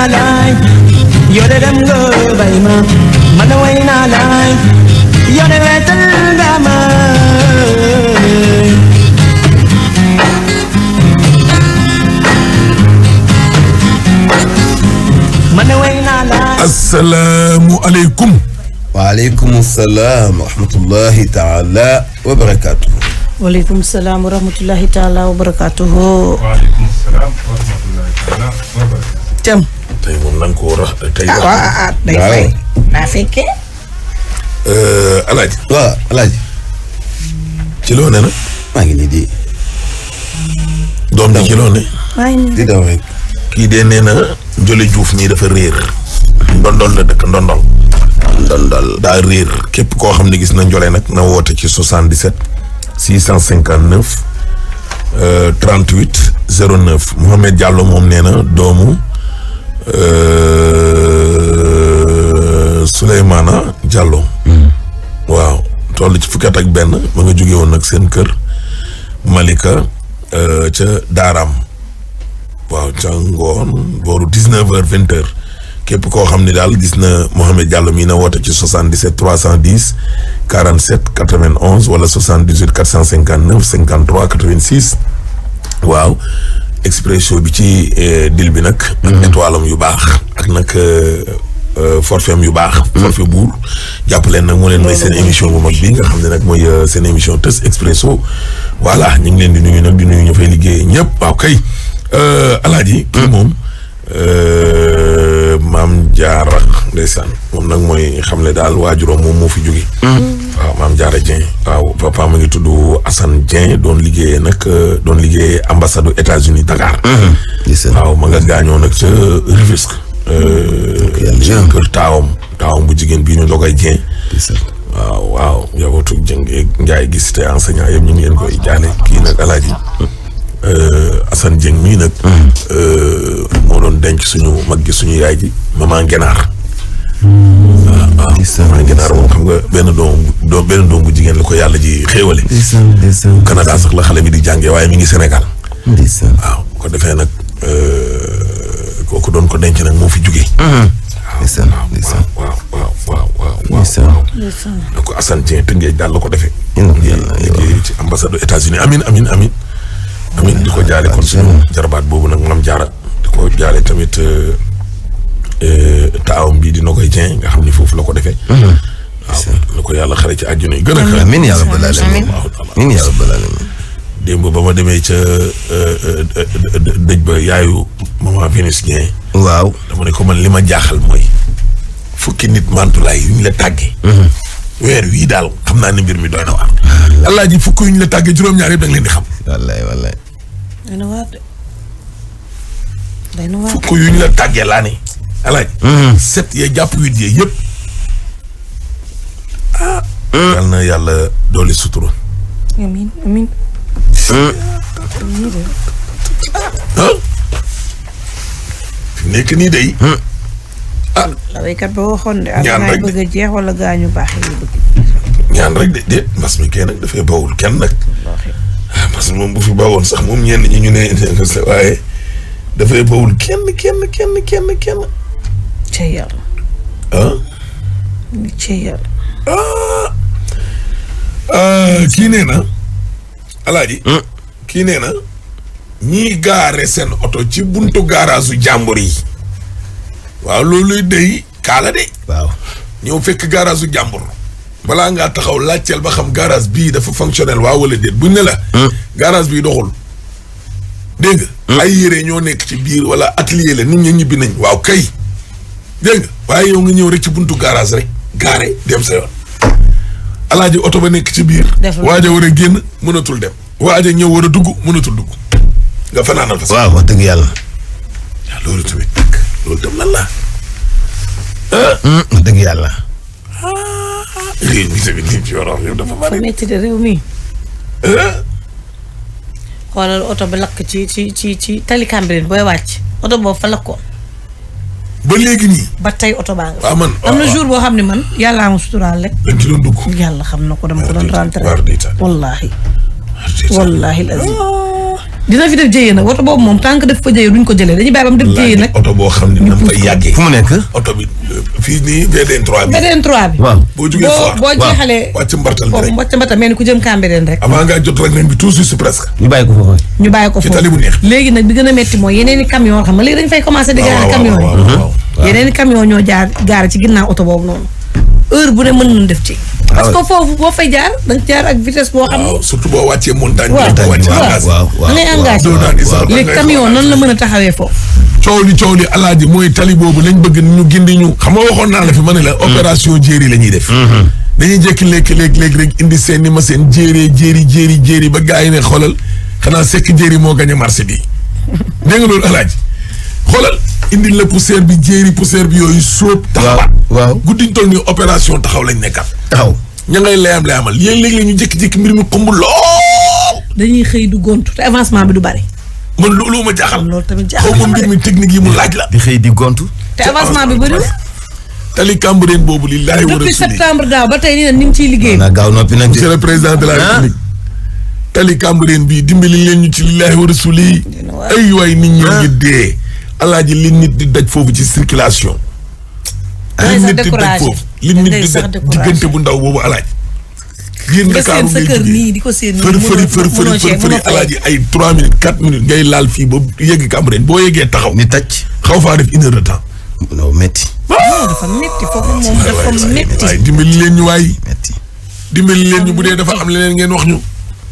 naa laay yore dem nga bay ma man way naa laay yore wetal nga ma man way naa laay assalaamu aleykum waaleykum salaam wa rahmatullahi taala wa barakaatuhu. waaleykum salaam wa rahmatullahi taala wa barakaatuhu. waaleykum salaam wa rahmatullahi taala wa barakaatuhu. Thiam. na nga ko war a. tey wax ah, ah, ah day fay naa fekkee. Euh, Alaaji. waaw Alaaji. ci loo ne na. maa ngi nii di. doom bi ci loo ne. maa ngi nii kii dee nee na. Joli Diouf nii dafa réer. ndondol la dëkk ndondol. ndondol daa réer. képp koo xam ne gis na Njole nag na woote ci 77. 659. 38 09 Mohamed Diallo moom nee na doomu. Euh, Souleymana jàlloo hmm. waaw toll ci fukkat ak benn ba nga jóge woon nag seen kër Malika euh, ca Daaraam waaw ca ngoon booru dix neuf heures vingt heures képp koo xam ne daal gis na Mohamed Diallo mii na woote ci soixante dix sept trois cent dix quarante sept quatre vingt onze wala soixante dix huit quatre cent cinquante neuf cinquante trois quatre vingt six waaw. expresso bi ci euh, dil bi nag. ak mhm. étoile am yu baax ak nag. Euh, euh, forfait yu baax. Mhm. forfait buur jàpp leen nag moo leen may seen émission bu mag bi nga xam ne nag mooy seen émission Teuss Expresso voilà ñu ngi leen di nuyu nag di nuyu ñu fay liggéey ñëpp waaw kay alaaji mhm. moom. Euh, maam jaara ndeysaan moom nag mooy xam ne daal waajuróom moom moo fi jóge waaw maam jaara Dieng waaw papa ma ngi tudd Assane Dieng doon liggéeyee nag euh, doon liggéey ambassade États-Unis Dakar waaw ma nga gaañoo nag ca Rufisque euh, kër taawam bu jigéen bii ñu ndogoy Dieng waaw waaw njabootu Dieng Njaay gis te enseignant yëpp ñu ngi leen koy jaale kii nag alaaji Euh, Assane Dieng mii nag. Mm. Euh, moo doon denc suñu mag gi suñu yaay ji maman Genaar. Mm. Ah, waaw ah, maman Genaar moom xam nga benn doom benn doom bu jigéen la ko yàlla ji xéewale. Canada sax la xale bi di jàngee waaye mi ngi Sénégal. waaw bu ko defee nag euh, kooku doon ko denc nag moo fi jugee. Mm-hmm. ndeysaan ndeysaan waaw waaw waaw waaw waaw waaw donc Assane Dieng tënkee daal la ko defee. yàlla yàlla ci ambassade États-Unis amin amin amin amiin di ko jaale kon suñu jarbaat boobu nag maam jaara di ko jaale tamit euh, euh, taawam bii di Nogaye Dieng nga xam ni foofu la ko defee. Mm-hmm. waaw na ko yàlla xare ci àjjana yi gën a kawe. amiin yaa rabbal aalamiin amiin yaa rabbal aalamiin démb ba ma demee ca euh, dëj ba yaayu maman Vénus Dieng. waaw dama ne ko man li ma jaaxal mooy fukki nit mantulaay yu ñu la tàggee. Mm-hmm. weer wii daal xam naa ne mbir mi doy na allah ji fukk yu ñu la tàggee juróom-ñaar yëpp da nga leen di xam. fukk yu ñu la tàggee laa ne. allah ji. Mm-hmm. set yee jàpp huit yee yëpp. ah. Mm. Mm. ah. nekk nii de. Mm. ah la waykat ah, a jeex baax yi rek de déet mbas mi kay nag ah, bawoon sax moom ñenn ñi ñu ne waaye dafay bawul kenn kenn ah? kii nee na. alaaji. Hmm? kii nee na. ñii gaare seen oto ci buntu gaaraasu jàmbur yi. waaw loolu dey kaala de. ñëw fekk garage su balaa ngaa taxaw laajteel ba xam garage bii dafa fonctionnel waaw wala déet buñ ne la. Hmm. garage bii doxul. dégg nga. Hmm. ay yére ñoo nekk ci biir wala atelier la nit ñu ñibbi nañ. waaw kay. dégg waaye yow nga ñëw rek ci buntu garage rek. gaare dem sa yoon. alaaji oto ba nekk ci biir. waaja war a génn mënatul dem. waaja ñëw war a dugg mënatul dugg. nga fanaanal fa. waaw wax dëgg yàlla. loolu tamit. ci Yorof metti de réew mi. Eh? xoolal oto ba lakk ci ci ci ci tali Cambérène booy wàcc oto boobu fa lakkoon. ba léegi nii. ba tey oto baa nga. Ah, man am na ah, ah. jour boo xam ne man yàlla am suturaal rek. dañ yàlla xam na ko dem ko doon rentré. wallaahi. wallaahi lazim dina fi def jëyee nag oto boobu moom tant que def fa jëyee duñ ko jëlee dañuy bàyyi ba mu def jëyee nag oto boo xam ne na mu fay yàggee fu mu nekk oto ku jëm Cambérène rek avant ngaa jot rek ren bi tout ko foofu ñu bàyyi ko foofu ci tali bu neex léegi nag bi gën a métti mooy yeneen i camion xam léegi dañ fay commencé di gaare camion yi yeneen i camion ñoo jaar gaare ci ginnaaw oto boobu noonu heure bu ne mën nañ def ci parce que ah foofu boo fay jaar da nga jaar ak vitesse boo xam ne. surtout boo wàccee montagne. waaw waaw waaw ngay engagé léegi camion nan la mën a taxawee foofu. coow li coow li alaaji mooy tali boobu lañ bëgg ñu gindi ñu. xam nga waxoon naa la fi ma ne la. Hmm. opération jéeri la ñuy def. Hmm. dañuy jékki léegi léegi léegi rek indi seen ni ma seen jéeri jéeri jéeri jéeri ba gars yi ne xoolal xanaa sekk jéeri moo gañ a marché bi dégg nga loolu alaaji xoolal. indil la poussière bi jéeri poussière bi yooyu sóob. taxawaat waaw guddiñ toll nii opération taxaw lañ nekkat taxaw ña ngay layam layamal yéen léegi la ñu jékki-jékki mbir mi xumb lool. dañuy xëy du gontu te avancement bi du bari. man loolu ma jaaxal. loolu tamit jaaxal xaw ma mbir mi technique yi mu laaj la. di xëy di gontu. te tali Cambérène boobu li war a. depuis septembre daaw ba tey nii ni mu ciy liggéey. na gaaw noppi nag monsieur le président de la ah. république. tali Cambérène bi dimbali leen ñu ci li laay war a suli. ay waay nit ñoo ngi ah. alaaji li nit di daj foofu ci circulation. li nit di daj foofu li nit di daj diggante bu ndaw boobu alaaji. biir Ndakaaru ngay jógee di ko seen sa kër nii fëri fëri fëri fëri alaaji ay 3 minutes 4 minutes ngay laal fii ba yegg Cambérène boo yeggee taxaw. ni tàcc xaw faa def une heure de temps. non métti. non dafa métti foofu moom dafa métti. dimbali leen ñu waay. dimbali leen ñu bu dee dafa am leneen ngeen wax ñu.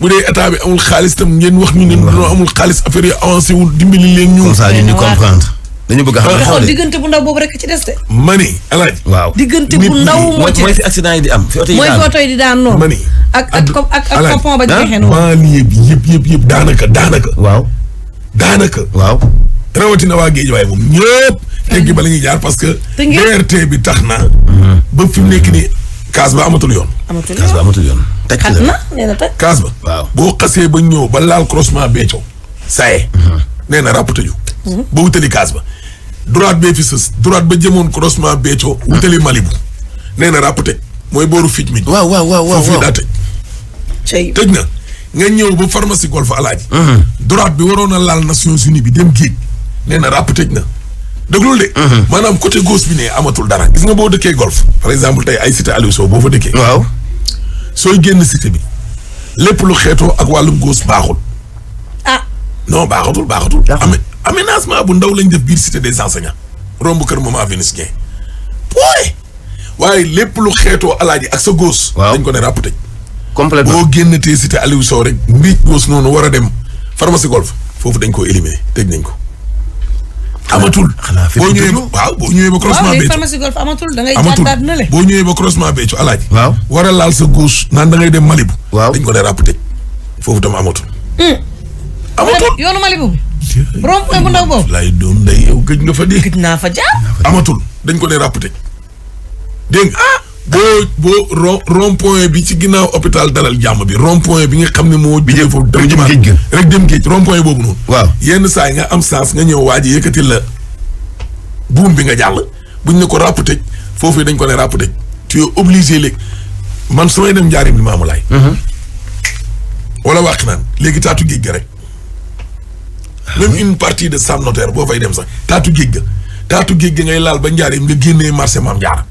bu dee état bi amul xaalis tam ngeen wax ñu ne dañoo amul xaalis affaire yi avancé wul dimbali leen ñu. comme ça ñu comprendre. dañu bëgg a xam xoolee diggante bu ndaw waaw diggante bu ndaw moo ci mooy fi accident am. oto yi di daan mooy fi oto yi di noonu. mani ak ak ak ak coupon ba jeexee noonu. daanaka daanaka. waaw daanaka. waaw rawatina waa géej waaye moom ñëpp. teggi ba la ñuy jaar parce que. DRT bi tax na. Mhm. ba fi mu nekk nii kaas ba amatul yoon. amatul yoon kaas ba amatul yoon. teg ci la nee na teg kaas ba. waaw boo xasee ba ñëw ba laal croisement bee coow. saa yee. Mhm. nee na ràpp tëju. Mhm. ba wutali kaas ba. droite bee fi sës droite ba jëmoon croisement bee coow. wutali mhm. Malibu. nee na ràpp tëj mooy booru fii mi. waaw waaw waaw waaw foofu daa tëj. tëj na nga ñëw ba pharmacie golf alaaji. droite bi waroon a laal Nations Unies bi dem géej. nee ràpp tëj na. dëglul de. Mhm. maanaam côté gauche bi ne amatul dara. gis nga boo dëkkee golf par exemple tey ay cité Aliou Sow boo fa dëkkee. waaw sooy génn cité bi lépp lu xeetoo ak wàllum gauche baaxul. ah non baaxatul baaxatul. amé aménagement bu ndaw lañ def biir cité des enseignants. romb kër Maman Vénus Guèye. waaye waaye lépp lu xeetoo alaaji ak sa gauche. waaw dañ ko ne ràpp tëj. boo génn tey cité Aliou Sow rek mbiic gauche noonu war a dem pharmacie golf foofu dañ ko éliminer tëj nañ ko. amatul. boo ñëwee ba waaw boo ñëwee ba croisement ma waaw pharmacie golf amatul da ngay jàddaat na le. boo ñëwee ba croisement Béthio alaaji. waaw war a laal sa guus naan da dem Malibu. waaw dañ ko ne ràpp tëj foofu tam amatul. Hmm. amatul yoonu Malibu bi. rond point bu ndaw boobu. lay doon gëj nga fa dee. gëj naa fa jaar. amatul dañ ko ne ràpp tëj dégg boo boo rond rond point bi ci ginnaaw hôpital dalal jàmm bi rond bi nga xam ne moo. bi jëm foofu dem géej rek dem géej rond point boobu noonu. waaw yenn saa yi nga am chance nga ñëw waa ji yëkkati la buum bi nga jàll buñ ne ko ràpp tëj foofu dañ ko ne ràpp tëj tu es léegi man samay dem njaarim li maamu laay. Mhm. wala wax naan léegi taatu géej ga rek. Ah. même une partie de Sam Notaire boo fay dem sax taatu géej ga taatu géej ga ngay laal ba njaarim nga génnee marché maam jaar.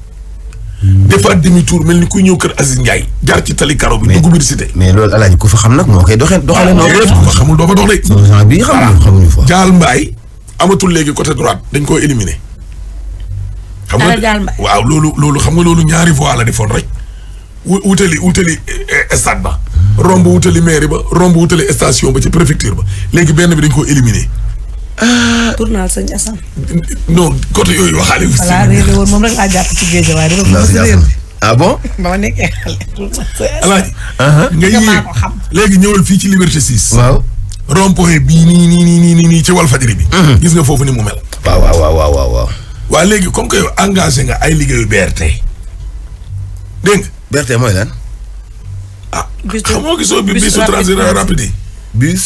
defaat demi tuur mel ni kuy ñëw kër Aziz Ndiaye jaar ci tali karo bi dugg biir cité mais loolu alaaji ku fa xam nag moo koy doxee ah, doxale noonu ko xamul doo fa dox de gens bi xam léegi côté droite dañ koo éliminer xam nga waaw loolu loolu xam nga loolu ñaari voie la defoon rek wutali wutali eh, stade ba romb wutali mairie ba romb wutali station ba ci préfecture ba léegi benn bi dañ koo éliminer tournal sëñ Assane. non côté yooyu waxaale wu. voilà réeré woon laa a réer. Ah uh-huh. nga yéeg léegi ñëwal fii ci Liberté 6. waaw rond-point bii nii nii nii nii nii ci Walfadjri bi. Uh-huh. gis nga foofu ni mu mel. waaw waaw waaw waaw waaw. waa léegi comme que yow engagé nga ay liggéeyu BRT. dégg nga. BRT mooy lan. ah xamoo gisoo bi bisu transit rapide yi. bus.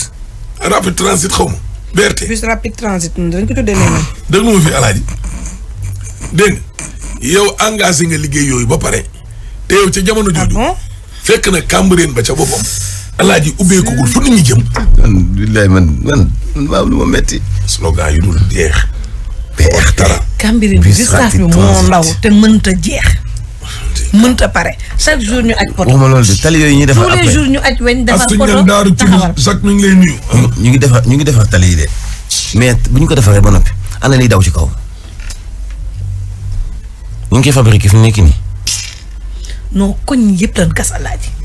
transit xaw ma. BRT bus rapide transit dañ ko tuddee leneen. Ah, dégg nga fi alaaji dégg yow engagé nga liggéey yooyu ba pare te yow ca jamono ah jooju. fekk na Cambérène ba ca boppam. alaaji ubbeekugul fu nit ñi jëm. man billaay man man man waaw lu ma metti. slogan yu dul jeex. BRT Cambérène bi distance bi moo ndaw te mënta jeex. mënta pare chaque jour ñu aj poto. waxuma loolu de tali yooyu ñuy defar après jours ñu aj weñ defar poto taxawal chaque ñu ngi ngi defar ñu ngi defar tali yi de mais bu ñu ko defaree ba noppi ana liy daw ci kaw ñu ngi koy fabriqué fi mu nekk nii. non koñ yëpp dañ gas alaaji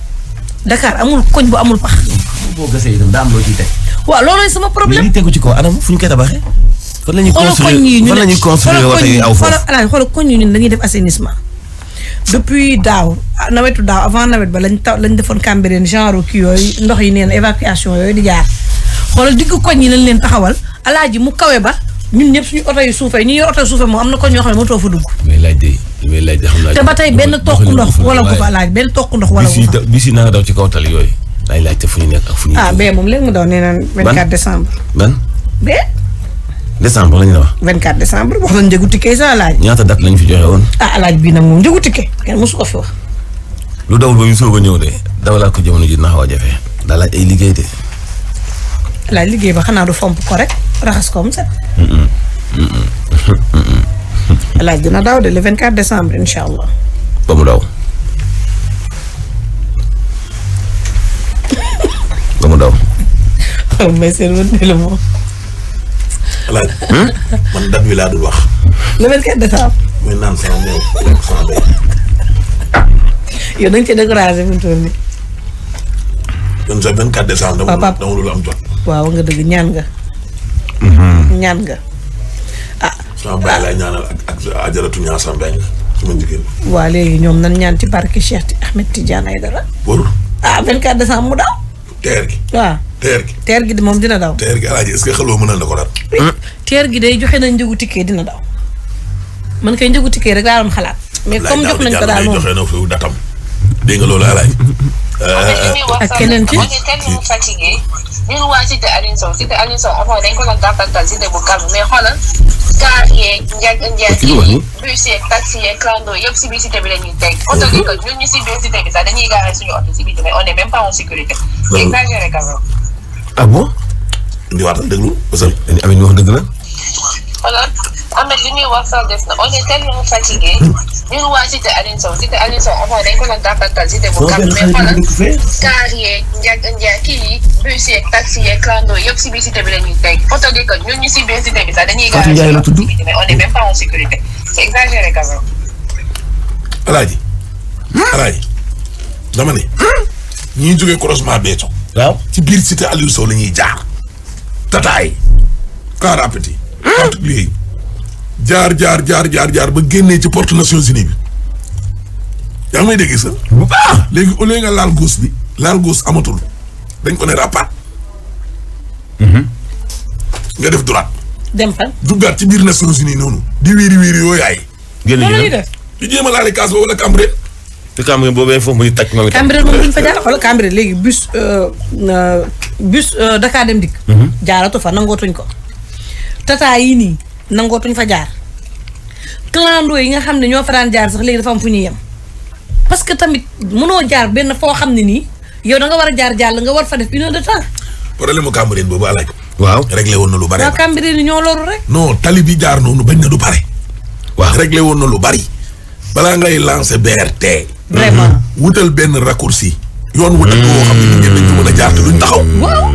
Dakar amul koñ bu amul pax. boo gasee itam daa am loo waaw loolooy sama problème li tegu ci kaw anam fu ñu koy tabaxee. fan la ñuy construire fan la ñuy construire wala aw foofu xoolal koñ yi ñun dañuy def assainissement. depuis daaw nawetu daaw avant nawet ba lañ taw lañ defoon Cambérène genre kii yooyu ndox yi neen évacuation yooyu di jaar xoolal diggu koñ yi lañ leen taxawal alaaji mu kawe ba ñun ñëpp suñu oto yu suufee ñu yor oto yu moom am na ko ñoo xam ne mootoo fa dugg. mais laaj de mais laaj de xam naa. te ba tey benn toq ndox wala gu fa laaj benn toq ndox. wala gu fa bis yi naa daw ci kaw tali yooyu. laay laajte fu ñu nekk ak fu ñu. ah bee moom léegi mu daw nee na 24 décembre. décembre la ñu wax. 24 décembre wax nañu njëgu ticket sa laaj. ñaata date lañu fi joxe woon. ah laaj bii nag moom njëgu ticket kenn mësu ko fi wax. lu daw ba ñu soog a ñëw de dawalaat ko jamono ji naxaw a jafe daa laaj ay liggéey ba xanaa du fomp ko rek raxas ko mu set. laaj dina daaw de le 24 décembre incha allah. ba daw. ba mu daw. mais seen wënde la moom. alaaj man dat wi laa dul wax. le vingt quatre décembre. muy naan sama meew lekk sama béy. yow da nga cee découragé fi mu toll nii. yow sa vingt quatre décembre. dama dama lu am jot. waaw nga dëgg ñaan nga. Mm-hmm. ñaan nga. ah sama baay laay ñaanal ak ak ajaratu ñaasa mbeng sama jigéen. waa léegi ñoom nan ñaan ci barke Cheikh Ahmed Tidiane Aidara. wóor. ah vingt quatre décembre mu daaw. teer gi waaw. teer gi teer gi moom dina daw. teer gi alaaji est-ce que xeloo mënal na ko daal. Hmm? teer gi day joxe na njëgu tikkee dina daw man kay njëgu tikkee rek laa doon xalaat. mais comme jox nañ ko daal moom joxe na fi datam. dégg nga loolu alaaji. Euh, bu calme mais xoolal car yeeg njaag njaag yi bus yeeg taxi yeeg clando yëpp si biir cité bi la ñuy teg oto mm-hmm. bi ko ñun ñu si biir cité bi sax dañuy gaare suñu oto si biir mais on est même pas en sécurité. exagéré quand même ah bon. ñu waatal déglu Ousseynou. Amine wax dëgg la. voilà Ameth li muy wax sax des na on est tellement fatigué. Hmm. ñun waa cité Aline ko doon gàttantal cité bu gàtt mais xoolal kaar yeeg njaag njaag kii yi bus yeeg taxi yeeg clando si biir cité bi la ñuy teg oto di ko ñun ñu si biir cité bi sax dañuy. Alaaji. Hmm? Alaaji dama ne. Hmm? ñi jógee croisement Beto. waaw ci biir cité Aliou Sow la ñuy jaar. tataay. car rapide. particulier jaar jaar jaar jaar jaar ba génnee ci porte Nations Unies bi. yaa ngi may dégg sax. léegi au lieu nga laal gauche bi laal gauche amatul dañ ko ne rapat. Mhm. nga def droite. dem fan. duggaat ci biir Nations Unies noonu. di wiiri wiiri yooyu ay. génn ñu di jéem a laale kaas ba wala te Cambérène boobu il faut muy taj moom itam. Cambérène moom duñ fa jaar xoolal Cambérène léegi bus euh, euh, bus euh, Dakar dem dikk. Mhm. jaaratu fa nangootuñ ko. tata yi nii nangootuñ fa jaar. clando yi nga xam ne ñoo fa daan jaar sax léegi dafa fu ñuy yem. parce que tamit mënoo jaar benn foo xam ne nii yow da nga war a jaar jàll nga war fa def une de temps. problème mu Cambérène boobu alaaj waaw réglé woon na lu bari. waaw Cambérène ñoo loru rek. non tali bi jaar noonu bañ na du pare. waaw réglé woon na lu bari. balaa ngay lancer BRT. vraiment wutal benn raccourci. yoon wu dagg woo xam ne ñun ñëpp dañ ko mën a jaar te duñ taxaw. waaw.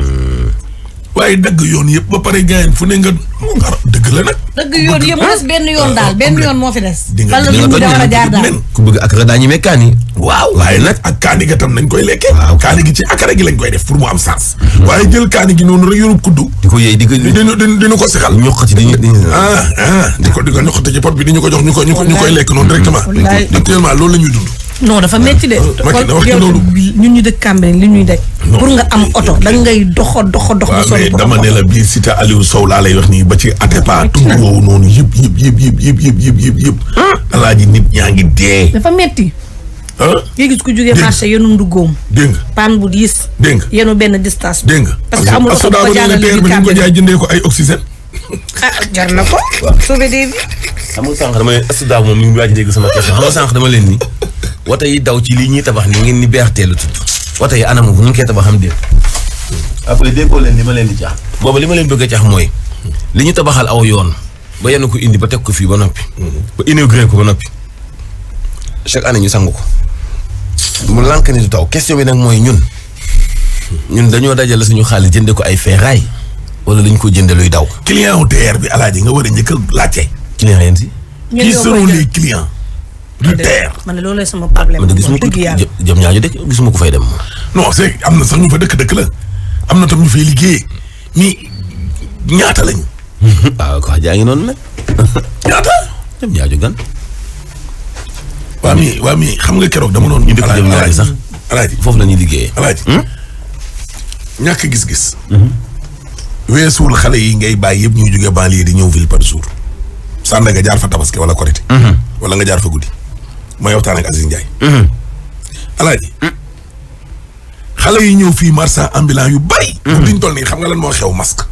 waaye dagg yoon yëpp ba pare gaañ fu ne nga dëgg la nag. dagg yoon yëpp des benn yoon daal benn yoon moo fi des. di nga di nga war a jaar daal ku bëgg akara daañu mais kaani. waaw waaye nag kaani ga koy lekkee. Mm-hmm. noonu rek yorub kuddu. di ko yey di ko di ko sexal. ñoqati di ah ah di ko ko ñoqati ci pot ñu ko jox ñu ko ñu koy lekk noonu directement. actuellement loolu la ñuy dund. no dafa métti euh, de. ñun ñu dëkk Cambérène li ñuy daj. pour nga am oto da ngay doxo dox. ba sori dama ne la bii cité Aliou Sow laa lay wax nii ba ci Atepa tungu woowu noonu yëpp yëpp yëpp yëpp yëpp yëpp yëpp. Ah. nit ñaa ngi dee. dafa metti ah nga gis ku jógee marché yenu nduggoom. dégg nga paan bu diis. dégg nga yenu benn distance. dégg nga parce que amul oto ba jaarale bi Cambérène ko jaay jëndee ko ay oxygène. ah jar na ko. waaw suube dee bi. xam nga sànq dama leen moom mi ngi waaj léegi sama question xam nga sànq dama leen ni wata yi daw ci lii ñuy tabax ni ngeen ni BRT la tudd wata yi anam bu ñu koy tabax am déet. après déggoo leen li ma leen di caax. booba li ma leen bëgg a mooy li ñu tabaxal aw yoon ba yenn ko indi ba teg ko fii ba noppi. Mhm. ba inauguré ko ba noppi chaque année ñu sang ko. mu lànk ni du taw question bi nag mooy ñun ñun dañoo dajale suñu xaalis jënde ko ay feeraay wala dañ ko jënde luy daw. client wu TER bi alaaji nga war a njëkk a laajte. client yéen si. qui seront les clients du TER. man loolu la sama problème. man gisuma ko jëm ñaajo dëkk gisuma ko fay dem. non c'est am na sax ñu fa dëkk dëkk na tam ñu fay ñaata lañ waaw ah, jaa ngi noonu nag. ñaata. jëm ñaajo gan. waa mi waa mi xam nga keroog dama noonu. ñu dëkk jëm ñaajo foofu la ñuy liggéeyee alaaji hmm? gis-gis. Hmm? weesuwul xale yi ngay bàyyi yëpp ñuy jóge banlieue di ñëw ville par jour Sandaga nga jaar wala korité mhm. wala nga jaar fa guddi may waxtaan ak mhm. Mhm. yi ñëw fii marchand ambulant yu bari biñ toll nii xam nga lan moo xew masque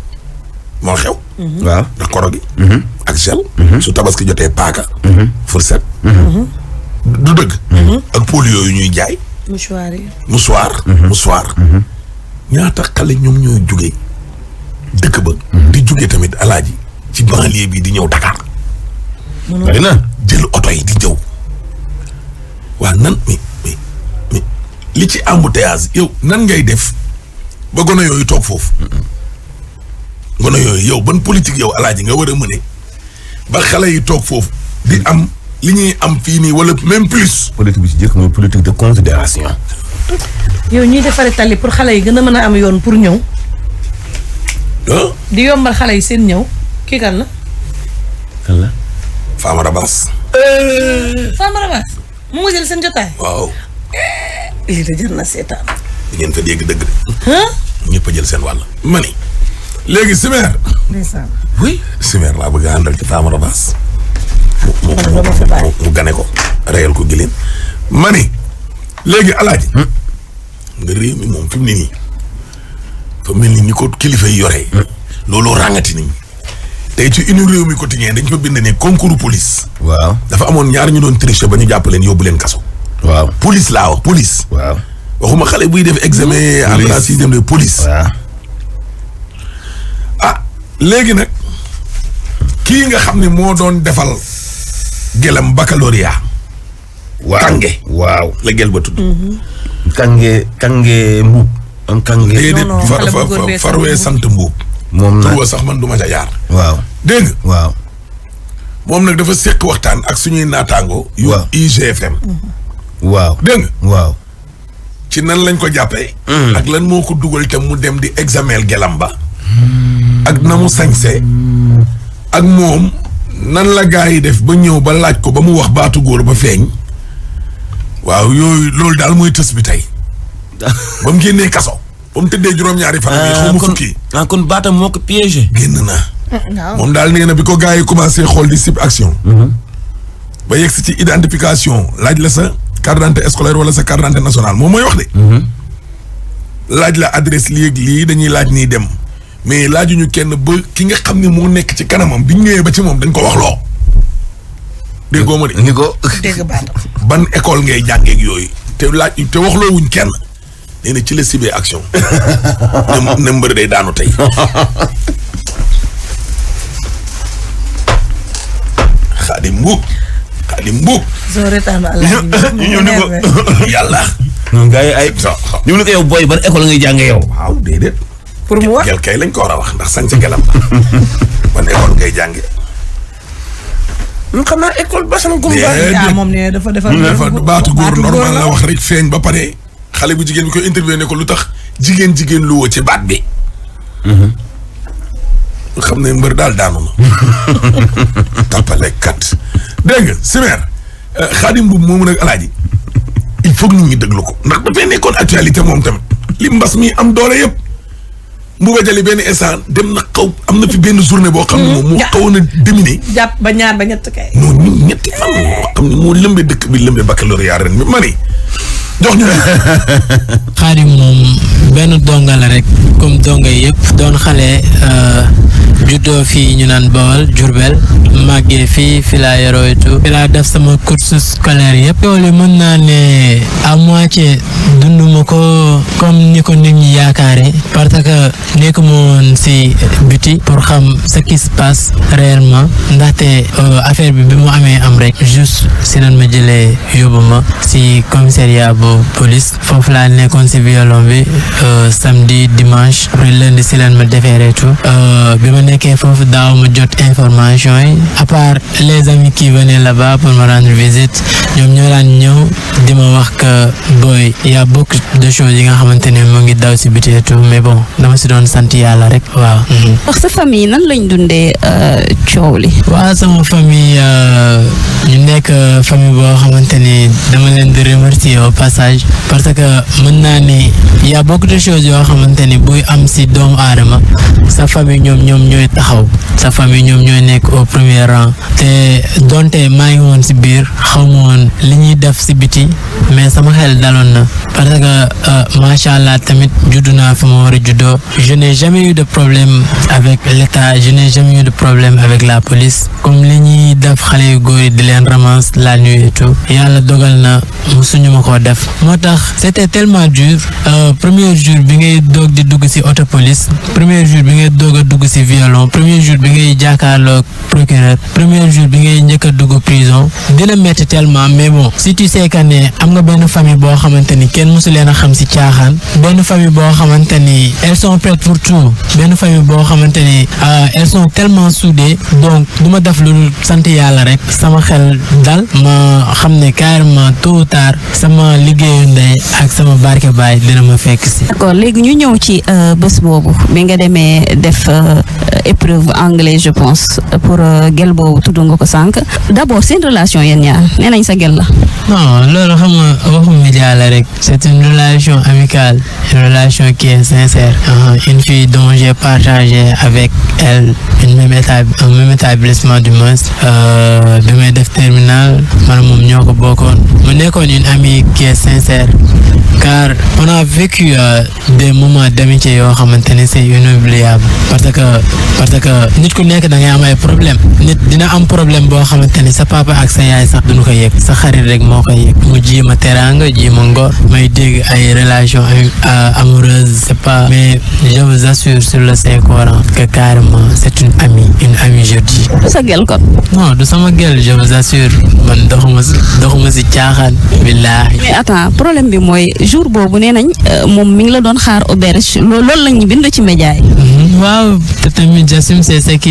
moo xew waaw ndax koro gi ak gel su tabaski jotee paaka fourchette du dëgg ak polio yu ñuy jaay mouchoir yi mouchoir mouchoir ñaata xale ñoom ñooy jóge dëkk ba. di jóge tamit alaaji ci banlieue bi di ñëw Dakar. bari na jël oto yi di jëw. waa nan mi mi mi li ci embouteillage yow nan ngay def ba gone yooyu toog foofu. gone yooyu yow ban politique yow alaaji nga war a mëne ba xale yi toog foofu di am li ñuy am fii nii wala même plus. politique bi ci jëkk mooy politique de considération yow ñuy defaree tali pour xale yi gën a mën a am yoon pour ñëw. di yombal xale yi seen ñëw kii kan la. kan la. Famara Baas. Eh, Famara Baas mu ngi jël seen jotaay. waaw. Eh, lii de jar na seetaan. di ngeen fa dégg dëgg de. ñëpp a jël seen wàll. ma ni léegi Simeer. ndeysaan. Simeer laa bëgg a àndal ci Famara Baas. mu mu mu gane ko. reyal ko gileen ma ni léegi alaaji hmm? nga réew mi moom fi mu nii. fa mel ni ni ko kilifa yi yore. Hmm. looloo ràngati nañ. tey ci une réew mi quotidien dañ fa bind ne concours police. waaw dafa amoon ñaar ñu doon tricher ba ñu jàpp leen yóbbu leen kaso. waaw police laa wax police. waaw waxuma xale buy def examen. police après sixième de police. ah léegi nag kii nga xam ne moo doon defal gelam baccalauréat. waaw tànge. waaw la gel ba tudd. tànge mhm. tànge mbuub. ankang déedéet farwee sant mbuub moom nag sax man duma ca yaar waaw dégg nga waaw moom nag dafa séq waxtaan ak suñuy naataango yu IGFM waaw dégg waaw ci nan lañ ko jàppee hmm. ak lan moo ko dugal te mu dem di exameel gelam ba ak na mu sañse ak moom nan la gaa yi def ba ñëw ba laaj ko ba mu wax baatu góor ba feeñ waaw yooyu loolu daal mooy tës bi tey ba mu génnee kaso. ba mu tëddee juróom-ñaari fan. ah xaw ah, kon baatam moo ko piégé. génn na. moom daal nee na bi ko gaa yi commencé xool di sip action. Mhm. ba yegg si ci identification laaj la sa carte d'identité scolaire wala sa carte d'identité nationale moom mooy wax de. Mhm. laaj la adresse lii ak lii dañuy laaj nii dem mais laajuñu kenn ba ki nga xam ni moo nekk ci kanamam bi ñu ñëwee ba ci moom dañ ko wax loo. déggoo ma de. ni ko dégg ban école ngay jàngee yooyu te laaj te waxloo wuñ kenn. nee ci la sibee action ne mbër day daanu tey xaadim mbuub xaadim mbuub ñu ñëw ne ko yàlla non ay ñu ne ko yow booy ban école ngay jànge yow waaw déedéet pour mu wax gel kay lañ ko war a wax ndax sañ sa gelam la ban école ngay jànge xam naa école ba sama gumba moom ne dafa defar baatu góor normal la wax rek feeñ ba pare xale bu jigéen bi koy interview ne ko lu tax jigéen jigéen lu woo ci baat bi. xam ne mbër daal daanu na. tapale kat dégg nga Simer Xaadim euh, bu moomu nag alaaji il faut que nit ñi déglu ko ndax dafay nekkoon actualité moom tamit li mbas mi am doole yëpp. Mbuba Jali benn instant dem na kaw am na fi benn journée boo xam ne moom moo xawoon a déminé. jàpp ba ñaar ba ñett kay. non ñun ñetti fan. moo xam dëkk bi lëmbee baccalauréat ren bi jox ñu moom benn donga la rek comme donga yëpp doon xale euh, juddoo fi ñu naan Bawol Jurbel màggee fii fi laa yarooytu fi laa def sama cursus scolaire yëpp loolu mën naa ne à moitié dund ma ko comme ni ko nit ñi yaakaare parce que nekkuma woon si biti pour xam ce qui se passe réellement ndaxte euh, affaire bi bi mu amee am rek juste si nan ma jëlee yóbbu ma si commissariat bo police foofu laa nekkoon si violon bi euh, samedi dimanche après lundi si leen ma déféreetu bi ma nekkee foofu daaw ma jot information yi à part les amis ba venaient là-bas pour me rendre visite ñoom ñoo daan ñëw di ma wax que booy y a de choses yi nga xamante ne mu ngi daw si biti mais bon dama si doon sant yàlla rek waaw. Mhm. wax sa famille nan lañ dundee euh, coow li. waaw sama famille euh, ñu nekk famille boo xamante dama leen di remercier message parce que mën naa ne y a beaucoup de yoo xamante ni buy am si doomu aadama sa famille ñoom ñoom ñooy taxaw sa famille ñoom ñooy nekk au premier rang te doonte maa ngi woon si biir xaw ma woon li ñuy def si biti mais sama xel daloon na parce que euh, macha allah tamit juddu naa fa ma war a juddoo je n'ai jamais eu de problème avec l'état je n'ai jamais eu de problème avec la police comme li ñuy def xale yu góor di leen ramas la nuit et yàlla dogal na musuñu ma ko def moo tax c'était tellement dur euh, premier jour bi ngay doog di dugg ci autopolis premier jour bi ngay doog a dugg ci violon premier jour bi ngay jàkkaarloo procureur premier jour bi ngay njëkk a dugg prison dina metti tellement mais bon si tu sais ne am nga benn famille boo xamante ni kenn mësu leen a xam ci caaxaan benn famille boo xamante ni elles sont prêtes pour tout benn famille boo xamante ni euh, elles sont tellement soudées donc du ma def lu sant yàlla rek sama xel dal ma xam ne carrément tôt ou tard liggéeyu ndey ak sama barke baay dina ma fekk si. léegi ñu ñëw ci euh, bés boobu bi nga demee def euh, épreuve anglais je pense pour euh, gel boobu tudd nga ko sànq d'abord seen relation yéen ñaar nee nañ sa gel la. non loolu xam nga waxu média rek c'est une relation amicale une relation ki est sincère une fille dont j'ai partagé avec elle une même état du monstre bi may def terminal man moom ñoo ko bokkoon mu nekkoon une amie qui est sincère car on a vécu euh, des moments yoo xamante ne c'est inoubliable parce que parce que nit ku nekk da ngay am ay problème nit dina am problème boo xamante ne sa papa ak sa yaay sax duñu ko yëg sa xarit rek moo ko yëg mu jéem a teraanga jéem a ngor may dégg ay relation euh, amoureuse c'est pas mais je vous assure sur le Saint-Coran que carrément c'est une amie une amie sa gel kon non du sama gel je vous man doxuma si caaxaan billaahi temps problème bi mooy jour boobu nee nañ euh, moom mi ngi la doon xaar auberge loolu lañ bind ci média yi waaw te tamit Jassim c'est ce qui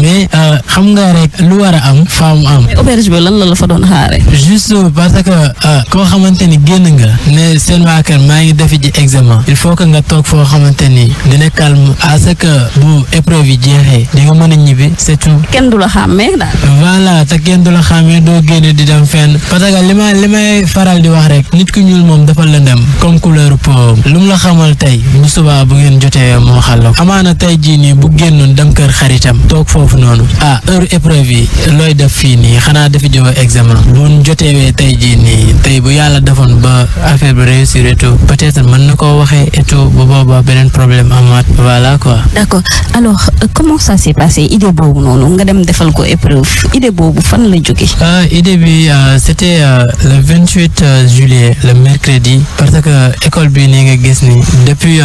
mais euh, xam nga rek lu war a am faamu am. mais lan la la fa doon xaare juste parce que euh, koo xamante ni génn nga ne seen waa kër maa ngi defi ji examen il faut que nga toog foo xamante ni dina calme à ce que bu épreuve yi jeexee di nga mën a ñibbi c'est tout. kenn du la xàmmee daal. voilà te kenn du la xàmmee doo génne di dem fenn parce que li ma may faral di wax rek nit ku ñuul moom dafa lëndëm comme couleur peau lu mu la xamal tey bu subaa bu ngeen jotee amaana tey jii nii bu génnoon dem kër xaritam toog foofu noonu ah heure épreuve yi looy def fii xanaa dafa jóge examen buñ jotewee tey jii nii tey bu yàlla defoon ba affaire bi réussir et tout peut-être mën na koo waxee et tout bu boobaa beneen problème amaat voilà quoi. d'accord alors euh, comment ça s'est passé idée boobu noonu nga dem defal ko épreuve idée boobu fan la jógee. Euh, idée bi euh, c'était le vingt huit juillet le mercredi parce que école bi ni nga gis ni depuis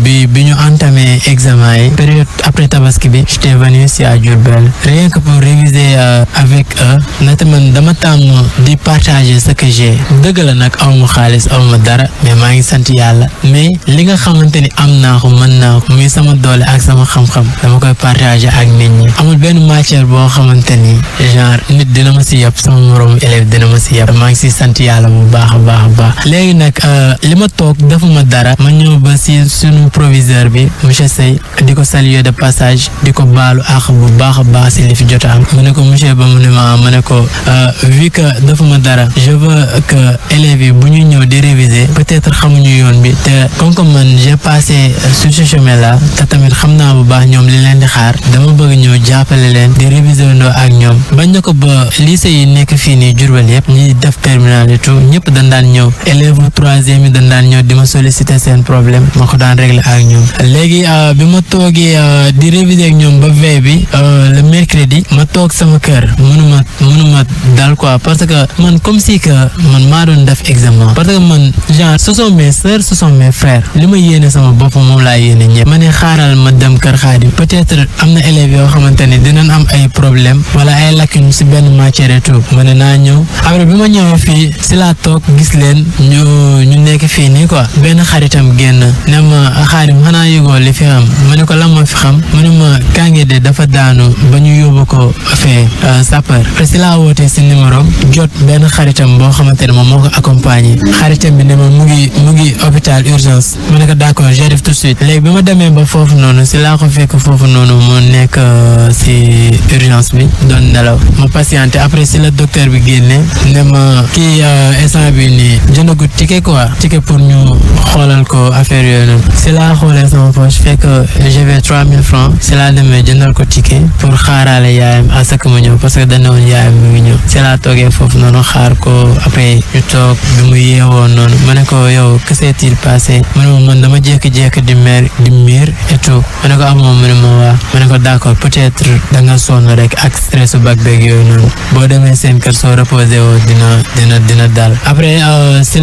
bi ñu entamé examen yi période après tabaski bi j'étais si à Diourbel rien que pour réviser euh, avec eux nata man dama tàmm di partager sa que j'ai dëgg la nag awma xaalis awma dara mais maa ngi sant yàlla mais li nga xamante ni am naa ko mën naa ko muy sama ak sama xam-xam dama koy partager ak nit ñi amul benn matière boo ni genre nit dina ma si yàpp sama ma si yàpp maa ngi bu baax a baax a baax léegi nag euh, li ma toog defuma dara ma ñëw ba si sunu proviseur bi monsieur Seye Ndiaye di ko saluer de passage di ko baalu àq bu baax a baax si li fi jot a am mu ne ko monsieur ba mu ne ma ma ne ko euh, vu que dafa ma dara je veux que élèves yi bu ñu ñëw di réviser peut-être xamuñu yoon bi te comme que man j'ai passé euh, sur ce chemin là tamit xam naa bu baax ñoom li leen di xaar dama bëgg ñëw jàppale leen di réviser ndoo ak ñoom bañ na ko ba lii yi nekk fii nii Jurbel yëpp ñu def terminal et tout ñëpp dan daan ñëw élèves troisième yi dañ daan ñëw di ma solliciter seen problème bi ma toogee euh, di réviser ñoom ba veille bi euh, le mercredi ma toog sama kër mënuma mënuma dal quoi parce que man comme si man maa doon def examen parce que man genre ce sont mes sœurs ce sont li ma yéene sama bopp moom laa yéene ñëpp ma ne xaaral ma dem kër xaadim peut-être am na élèves yoo xamante ne dinañ am ay problème wala ay lacunes si benn matière et tout ma ne naa ñëw après bi ma ñëwee fii si laa toog gis leen ñu ñu nekk fii nii quoi benn xaritam génn ne ma xaadim xanaa yëgoo li fi ma ne ko lan ma fi xam mu ne ma Kange de dafa daanu ba ñu yóbbu ko fee euh, sapeur si laa wootee si numéro jot benn xaritam boo xamante ne moom moo ko accompagné xaritam bi ne ma mu ngi mu ngi hôpital urgence ma ne ko d'accord j'arrive tout suite léegi bi ma demee ba foofu noonu si laa ko fekk foofu noonu mu nekk euh, si urgence bi doon nelaw ma patienté après si la docteur bi génne ne ma kii euh, instant bi nii jëndagut ticket quoi ticket pour ñu xoolal ko affaire yooyu noonu si laa xoolee sama poche Euh, j'avais trois si laa demee jëndal ko ticket pour xaaraale yaayam à ce que ma ñëw parce que dañ ne woon yaayam mi ngi ñëw si laa toogee foofu noonu xaar ko après ñu toog bi mu ma ne ko yow que s'est-il passé ma ma man dama jékki-jékki di mer di miir et ma ne ko amoon ah, ma ne ma da nga sonn rek ak stress boo demee seen kër soo reposé woo dina dina dina dal après euh, si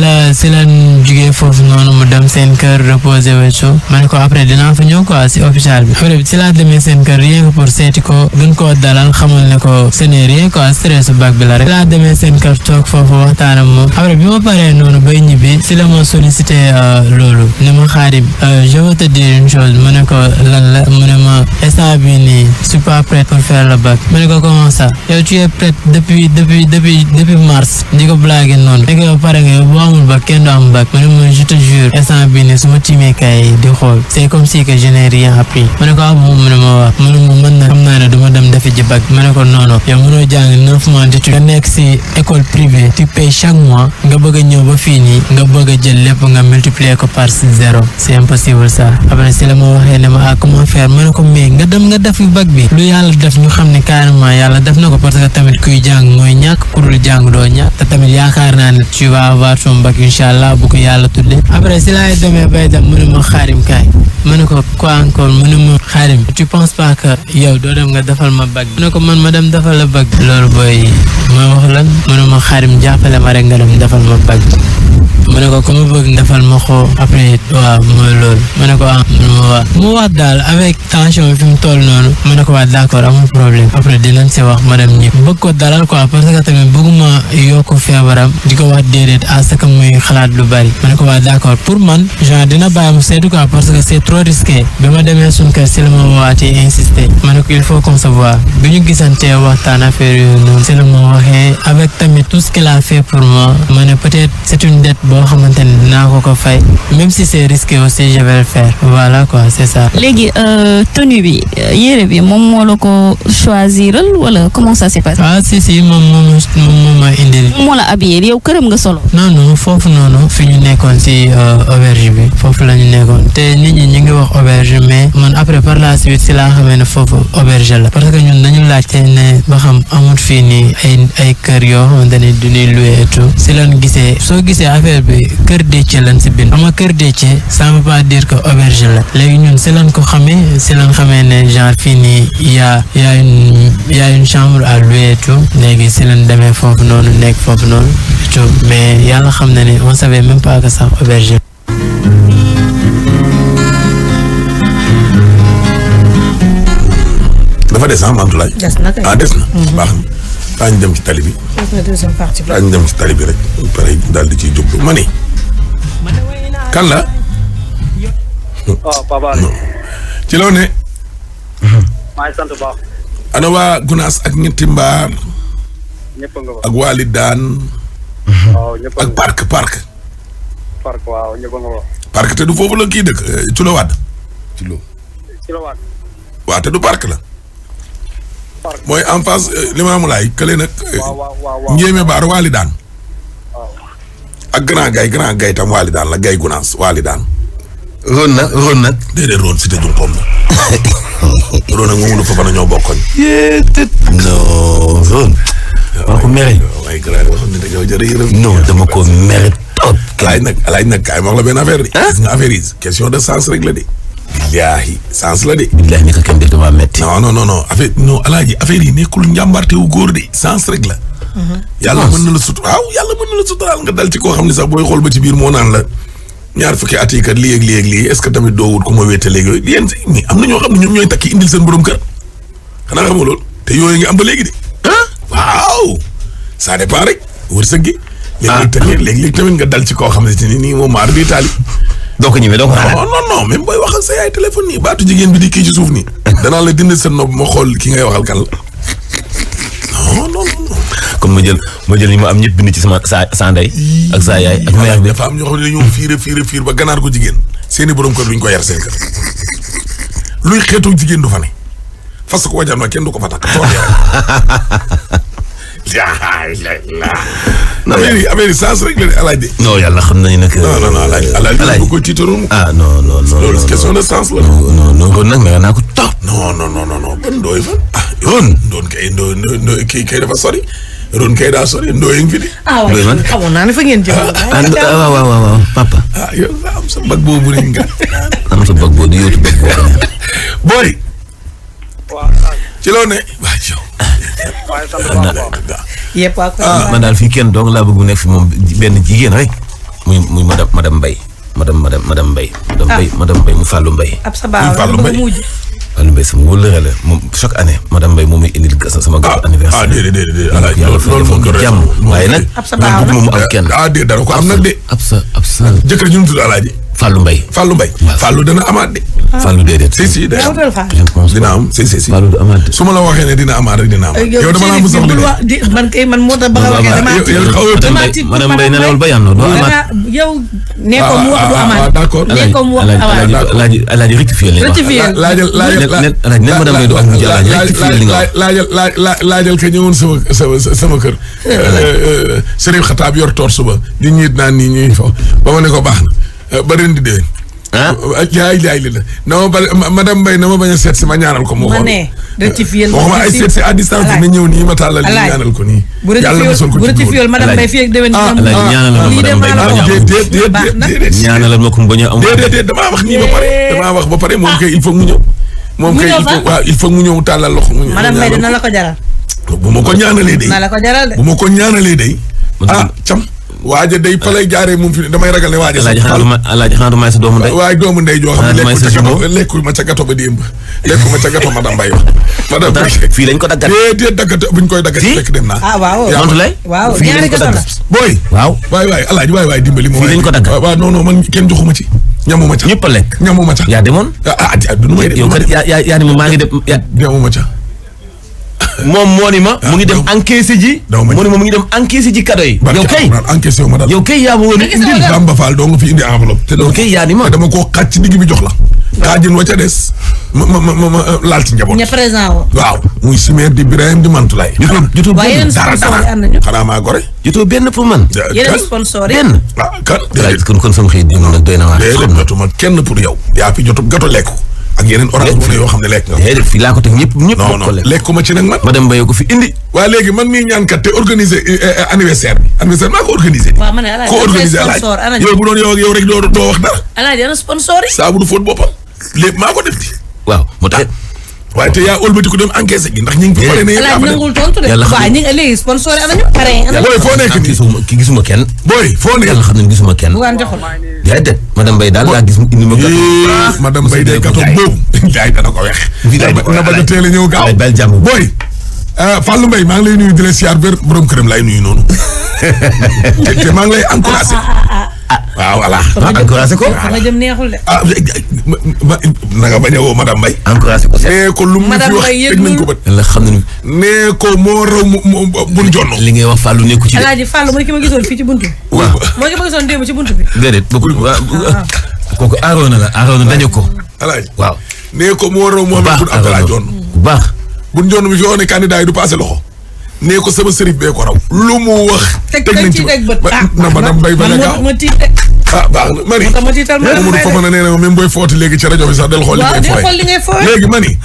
dinaa fa ñëw ñëw quoi si hôpital bi après si laa demee seen kër rien que pour seeti ko gën koo dalal xamal ne ko ce n'est rien quoi stress bac bi la rek si laa demee seen kër toog foofu waxtaan ak moom après bi ma paree noonu bay ñibbi si la ma sollicité euh, loolu ne ma xaarim euh, je veux te dire une chose mu ne ko lan la mu ne ma instant bii nii je suis pas prête pour faire le bac mu ne ko comment ça yow tu es prête depuis depuis depuis depuis mars di ko blagué noonu nekk yow pare nga yow boo amul bac kenn du am bac mu ne ma je te jure instant bii nii su ma tiimee kay di xool c'est comme si que ingénieur yaa appui mu ne ko ah moom mu ne ma wax mu ne ma mën na xam naa ne du ma dem defi ji bac ma ne ko noonu yow mënoo jàng neuf mois d'étude nga nekk si école privée tu payes chaque mois nga bëgg a ñëw ba fii nii nga bëgg a jël lépp nga multiplier ko par zéro c'est impossible ça après si la ma waxee ne ma ah comment faire ma ne ko mais nga dem nga def bac bi lu yàlla def ñu xam ne carrément yàlla def na ko parce que tamit kuy jàng mooy ñàkk ku dul jàng doo ñàkk te tamit yaakaar naa ne tu vas avoir ton bac incha allah bu ko yàlla tuddee après si laay demee bay dem mu ne ma xaarim kaay ma ne ko quoi encore mu ne ma xaarim tu penses pas yow doo dem nga defal ma bag mu ne ko man ma dem defal la bag loolu booy ma wax la mu ne ma xaarim jàppale ma rek nga dem defal ma bag mu ne ko ku ma bëgg defal ma ko après waaw mooy loolu mu ne ko ah mu wax mu wax daal avec tension fi mu toll noonu mu ne ko waa d'accord amul problème après dinañ si wax ma dem ñëpp bëgg ko dalal quoi parce que tamit bëgguma yokk feebaram di ko wax déedéet à ce muy xalaat lu bari mu ne ko waa d'accord bi ma demee suñ kër si la ma woowaatee insisté ma ne ko il faut qu'on se ñu gisantee waxtaan affaire yooyu noonu si waxee avec tamit tout ce qu'il pour moi ma ne peut-être c'est une dette boo xamante ne dinaa ko ko fay même si c'est risqué aussi je vais le faire voilà quoi c'est ça. léegi euh, tenue bi euh, yére bi moom moo la ko choisiral wala comment ça s'est passé. ah si si moom moom moom ma indil. moom moo la habillé yow këram nga solo. non non foofu noonu fi ñu nekkoon si euh, auberge bi foofu la ñu nekkoon te auberge mais man après par la suite si laa xamee ne foofu auberge la parce que ñun dañu laajte ne ba xam amul fii nii ay kër yoo xamante ne du ñuy loué et tout si gisee soo gisee affaire bi kër décce lan si bind ama kër décce ça veut pas dire que auberge la léegi ñun si lan ko xamee si lan xamee ne genre fii nii yaa yaa une yaa une chambre à louer et tout léegi si lan demee foofu noonu nekk foofu noonu et mais yàlla xam ne on savait même pas que sax auberge dafa des ah Mame Abdoulaye. des na ah, mhm. baax na daañu dem ci tali bi. des na tali bi rek. pare daal di ciy jublu la. Ah, ci loo ne. Mhm. maa ngi ana waa Gunaas ak ñetti mbaar. Mhm. ñëpp nga ak waali daan. ak parc parc. parc te du foofu la kii dëkk eh, ci la te du parc la. mooy en face euh, Limamou Laye kële nag. njéeme baar waali daan. ak grand gay grand gay tam waali daan la gay gunaas waali daan. Rhône nag Rhône nag. déedéet Rhône cité Junqom la. Rhône ak Mamadou Fofana ñoo bokkoon. yee tët. non Rhône. maa ko mere. waaye grand non dama ko mere. nag laaj nag kaay ma la benn affaire de. gis nga question de sens rek billaahi sens la de. billaahi ñàkk a kenn def damaa metti. non non non affaire non alaaji affaire yi de sens rek la. Mhm. yàlla mën na la sut waaw yàlla mën na la suturaal nga dal ci koo sax booy xool ba biir moo naan la ñaar fukki at yi kat lii ak lii ak lii est ce que tamit doo wut ku ma wéete léegi yooyu yéen si am na ñoo xam ne ñoom ñooy takki indil seen borom kër xanaa xamoo loolu te yooyu nga am ba léegi de. waaw ça dépend rek wërsëg gi. ah léeg-léeg doo ko ñëwee doo ko xalaat non non même booy wax ak sa yaay téléphone nii baatu jigéen bi di kii ci suuf nii. danaa la dindi sa nopp ma xool ki ngay waxal kan la non non non. kon ma jël ma jël ñi ma am ñëpp bind ci sama sa sa ndey ak sa yaay ak mère bi dafa ba ganaar ko jigéen seeni borom kër duñ ko yar seen kër luy xeetu jigéen du fa ne fas ko wajaan ma kenn du ko fa takk non mais affaire yi sens rek la ne alaaj de. non yàlla xam nañu ne que. non non non alaaj alaaj bu ko tiitaroon. ah non non non loolu question de sens la. non non kon nag mais naa ko topp. non non non non ban ndooy fa. ah yoon doon kay ndooy ndooy kii kay dafa sori. ron kay daa sori ndooy ngi fi di. ah waaw xamoon naa ne fa ngeen jëm. ah, ah, ah waaw waaw waaw papa. ah yow nga am sa bag boobu rek nga. am sa bag boobu di yóotu bag boobu. booy. ci loo ne waaye yow. Ah, waaw man daal fii kenn dong laa bëgg mu nekk fi moom benn jigéen rek muy muy madame madame Mbaye madame madame madame Mbaye. madame Mbaye ah. madame Mbaye mu Fallou Mbaye. ab sabaaw la mu mujj Fallou Mbaye sama wëllëre la moom chaque année madame Mbaye moom muy indil sama gàllankoor ah, anniversaire. ah déedéet déedéet alaay loolu moom ko jàmm waaye nag. ab sabaaw la mu am kenn. ah déedéet dara ko am nag de. ab sa ab sa jëkkër ñu tudd alaaji Fallou Mbaye. Fallou Mbaye. Fallou dana amaat de. Ah. Fallou déedéet. si si day am dina am si si si. Fallou amaat de su ma la waxee ne dina amaat rek dina amaat. yow dama la mos a wax de man kay man moo tax ba nga waxee dama. madame Mbaye ne la ba yàlla noonu. yow nee ko mu ah, wax du ah, amaat. d'accord nee ko mu wax amaat. alaaji alaaji rectifier leen. rectifier laajal laajal laajal ne madame Mbaye du ak mujj alaaji rectifier li nga wax. laajal laajal ka ñëwoon sama sama sama kër. Euh, euh, Serigne Xataab yor toor suba ñu ñiit naan nii ñuy fo ba ma ne ko baax na Eh, ba ren di dee. ah eh, jaay la na ma ba madame Mbaye na ma bañ a seet si ma ñaanal ko. moo ne rectifié waxuma ay seet si à distance na ñëw ma tàllal ko nii. yàlla ma la ko ko a am. déedéet damaa wax nii ba pare damaa wax ba pare moom kay il faut mu ñëw. moom kay il faut waaw il mu tàllal loxo mu ñëw. madame Mbaye dina la ko jaral. bu ma ko ñaanalee day. dina la ko jaral de bu ma ko ñaanalee day. ah cam waaja day fa lay jaaree fi damay ragal ne waaja sax alaaji xanaa du may sa doomu ndey waay doomu ndey joo xam lekku ma ca ma ca gato fii lañ ko dagga déedéet daggat buñ koy daggat fekk dem naa ah waaw tontu waaw fii booy waaw waay waay alaaji waay waay dimbali ma fii lañ ko daggat waaw non non man kenn joxuma ci ñamuma ca ñëpp a lekk ñamuma ca yaa demoon ah, ah, ah yow kat yaa yaa ne maa ngi dem ñamuma ca moom moo ma mu ngi dem encaissé ji moo ni ma mu ngi dem ah, encaissé ji kado yi yow kay encaissé wu ma daal yow kay yaa ma woon indi Bamba Fall doo nga fi indi enveloppe te doo kay yaa ni ma dama koo xaj ci digg bi jox la kaajin wa ca des ma ma ma ma euh, laal ci njaboot ña présent woo waaw muy simeer di Birahim di Mantulaay jotoo ah, jotoo benn dara dara benn pour man yeneen sponsor yi benn ah kon kon sama xëy di nag doy na waar jotuma kenn pour yow yaa fi jotub gato lekku ak yeneen orange money yoo xam laa ko teg ñëpp ñëpp non non lekkuma ci man madame Mbaye indi waa léegi man mii ñaankat te organiser eh, eh, eh, anniversaire bi anniversaire ko organiser ko organiser saabu du fóot boppam lépp maa ko waaw moo waaye te yaa ëlbatiku dem encaissé gi ndax ñu ngi fi pare ne yàlla nangul tontu de waaw ñu léegi sponsor am nañu pare booy foo nekk nii gisuma kenn booy foo nekk yàlla xam ne gisuma kenn waan joxul déedéet madame Mbaye daal laa gis indi ma gâteau madame Mbaye day gâteau boobu jaay dana ko wex na bañ a teel a ñëw gaaw bal jàmm booy euh, Fallou Mbaye maa ngi lay nuyu di la siyaar borom këram laay nuyu noonu te maa ngi lay encouragé ah, ah, ah, waaw voilà. encouragé ko sama jëm neexul de. ah ma nga ma a woo madame ko nee ko lu mu fi wax teg nañ ko bët. alhamdulilah. nee ko moo raw bun jonno li ngay wax Fallou nekku ci. El Hadj Fallou mooy ki ci buntu. waaw mooy ki ma gisoon démb ci buntu bi. déedéet bokkul ah, ah. kooku aaroon na la aaroon na ko. El Hadj waaw. nee ko moo raw moom bun Abdallah jonno bu baax bun jonno bi fi woon candidat yi du passé loxo. nee ko sama sërif bee ko raw. lu mu wax. teg nañ ci bët ah, na madame Mbaye ba ah baax na Marie Mamadou Fofana nee na même booy footi léegi ci rajo bi sax del xool li ngay fooy léegi Marie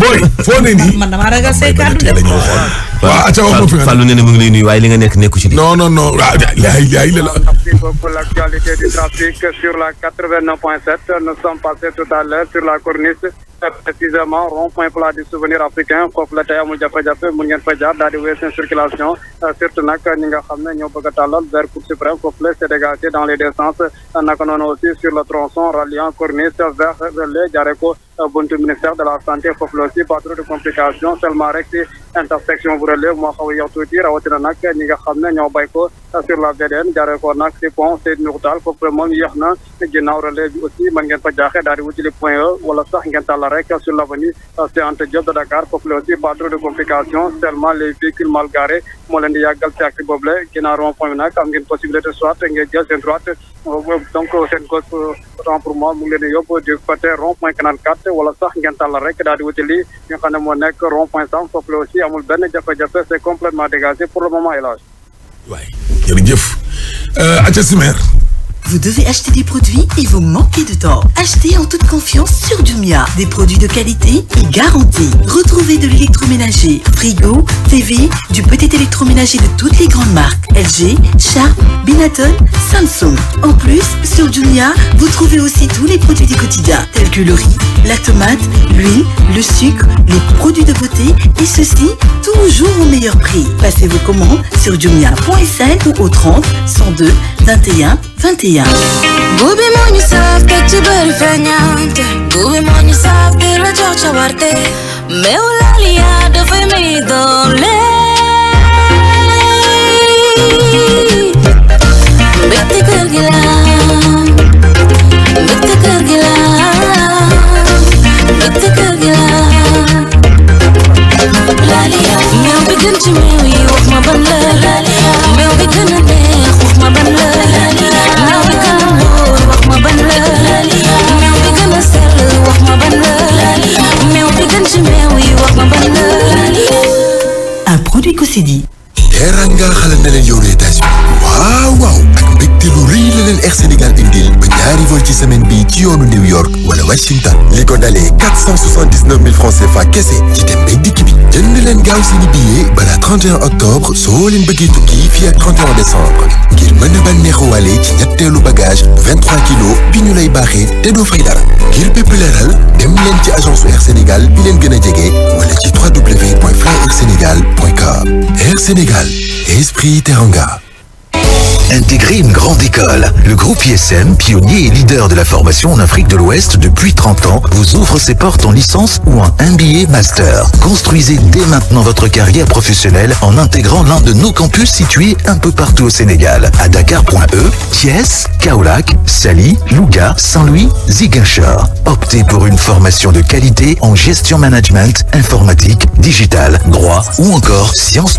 booy foo ne nii man damaa ragal say kàddu de waaw acca wax ma fi nga Fallou nee na mu ngi lay nuyu waaye li nga nekk nekku ci di non non non waaw laay laay la pour l'actualité du trafic sur la 89.7 nous sommes passés tout à l'heure sur la corniche précisément rond-point place du souvenir africain foofu la tey amul jafe-jafe mun fa jaar daal di wéy circulation euh, surtout nag ñi nga xam ne ñoo bëgg a tàllal foofu la c'est dans les deux sens naka sur le tronçon ralliant Corniche vers Relais jaaree buntu ministère de la santé foofu la de complications seulement rek intersection bu relève xaw a yow tuuti rawatina nag xam ne ñoo sur la VDN jaaree ko nag ci pont Seydou Nourou Tall na ginnaaw relève aussi mën fa jaaxee daal wutili point E wala sax ngeen tàlla sur l'avenue Cheikh Anta Diop de Dakar foofu la de complications seulement les véhicules mal garés moo leen di yàggal ci acte rond-point Canal 4 gàtt wala sax ngeen tàllal rek daal di wuti li nga xam ne moo nekk rond point sam foofu la aussi amul benn jafe-jafe c'est complètement dégagé pour le moment élage waay jërëjëf euh, Aca Simer Vous devez acheter des produits et vous manquez de temps. Achetez en toute confiance sur Jumia. Des produits de qualité et garantis. Retrouvez de l'électroménager, frigo, TV, du petit électroménager de toutes les grandes marques. LG, Sharp, Binaton, Samsung. En plus, sur Jumia, vous trouvez aussi tous les produits du quotidien, tels que le riz, la tomate, l'huile, le sucre, les produits de beauté et ceci toujours au meilleur prix. Passez vos commandes sur jumia.sn 21. Gubi moo ñu saaf teg ci bëri feeñante gubi moo saaf ngir la jox ca warte meew laal yaa dafay may doole kër gi la mbégte kër gi la mbégte kër gi la laal yaa meew ci meew yi wax ma ban la laal yaa meew bi gën a Micocédie. teranga xalal na leen yow de états waaw waaw ak mbégte lu rëy la leen Sénégal indil ba ñaari vol ci semaine bi ci yoonu New York wala Washington li ko dalee 479 000 francs CFA kese ci dem bay dikk bi jënd leen gaaw seeni billet bala 31 octobre soo leen bëggee tukki fii ak 31 décembre ngir mën a bànneexu wàlle bagage 23 kilos bi ñu lay baaxee te doo fay dara leen ci agence Air Sénégal bi leen gën a jege wala ci www.flyersénégal.com Air Sénégal Esprit Teranga. Intégrer une grande école. Le groupe ISM, pionnier et leader de la formation en Afrique de l'Ouest depuis 30 ans, vous ouvre ses portes en licence ou en MBA Master. Construisez dès maintenant votre carrière professionnelle en intégrant l'un de nos campus situés un peu partout au Sénégal. À Dakar.e, Thiès, Kaolac, Sali, Louga, Saint-Louis, Ziguinchor. Optez pour une formation de qualité en gestion management, informatique, digital, droit ou encore sciences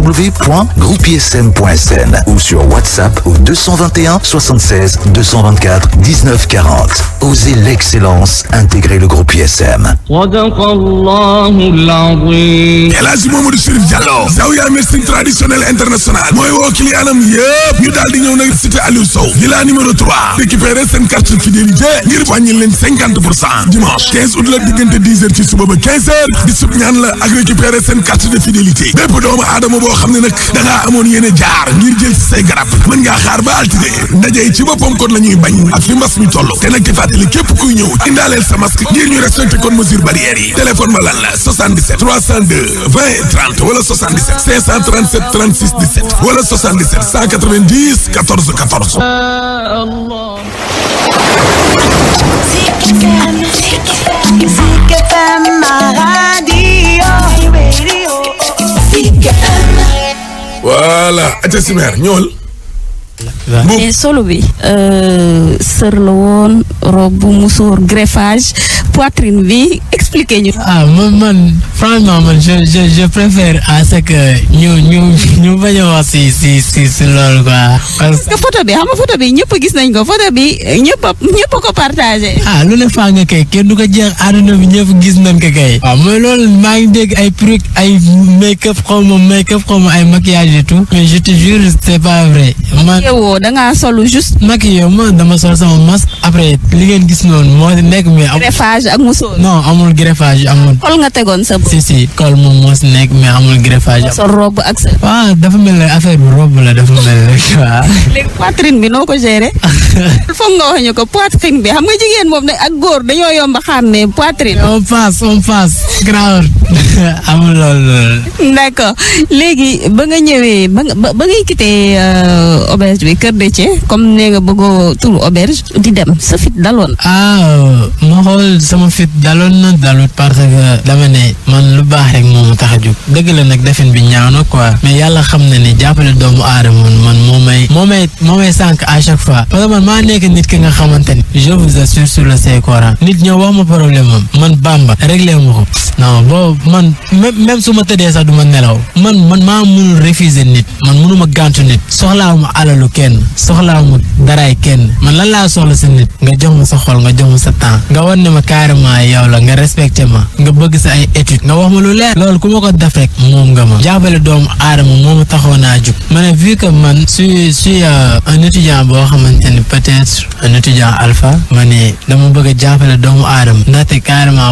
www.groupism.sn ou sur WhatsApp au 221 76 224 19 40. Osez l'excellence, intégrez le groupe ISM. Sadaqallahul azim. El Hadji Mamadou Chérif Diallo. Zawiya médecine traditionnelle internationale. mooy woo clientam yëpp ñu daal di ñëw nag cité Aliou Sow. villa numéro 3. récupérer seen carte fidélité ngir wàññi leen 50 pour cent. dimanche 15 août la diggante 10 heures ci suba ba 15 heures. di sut ñaan la ak récupérer seen carte de fidélité. bépp doomu aadama boo xam ne nag da ngaa amoon yéene jaar ngir jël ci say garab mën ngaa xaar ba altine ndaje yi ci boppam kon la ñuy bañ ak li mbas mi toll te nag di fàttali képp kuy ñëw indaaleel sa masque ngir ñu respecté kon mesure barrière yi téléphone ba lan la 77 302 20 30 wala 77 537 36 17 wala 77 190 14 14. Zik FM, Zik voilà. voilà. mais solo bi euh, sër la woon robe bu musóor greffage poitrine bi expliqué ñu. ah man man franchement man je je je préfère à ce que ñu ñu ñu bañ a wax si si si si loolu quoi. parce que photo bi xam nga photo bi ñëpp gis nañ ko photo bi ñëpp a ñëpp a ko partagé. ah lu ne faa nga kay kenn du ko jeex àdduna bi ñëpp gis nañ ko kay. waaw ah, mooy loolu maa ngi dégg ay perruque ay make up xaw ma make up xaw ma ay maquillage et tout. mais je te jure c'est pas vrai man. maquillé woo da ngaa solu juste. maquillé ma dama sol sama masque après li ngeen gis noonu moo si nekk mais. amul greffage ak musóor. non amul greffage amul. kol nga tegoon sa bopp. si si kol moom moo si nekk mais amul greffage. amul sa robe ak sa. waaw ah, dafa mel ne affaire bi robe la dafa mel ne waaw. ko a léegi ba nga ñëwee ba nga ba ngay euh, auberge bi kër de cee comme nee bëggoo turu auberge di dem sa fit daloon. ah ma xool sama fit daloon na dalut parce que dama ne man lu baax rek moo ma tax a jóg nag defin bi ñaaw na mais yàlla xam na ne jàppale doomu aadama man moo may moo may moo may sànq à chaque fois parce que man maa nekk nit ki nga xamante ni je vous assure sur le Saint Coran nit ñoo wax ma problème am man bamba réglé ma ko non boobu man même su ma tëddee sax du ma nelaw man maa mënul refuser nit man mënuma gàntu nit soxlaa ma alalu alalu kenn soxlaa mu daraay kenn man lan laa soxla sa nit nga jox ma sa xol nga jox ma sa temps nga wan ne ma carrément la nga respecté ma nga bëgg sa ay études nga wax ma lu leer loolu ku ma ko def rek moom nga ma jàppale doomu aadama moo ma taxoon naa jug ma ne vu que man su suis euh, un étudiant boo xamante ni peut a jàppale doomu aadama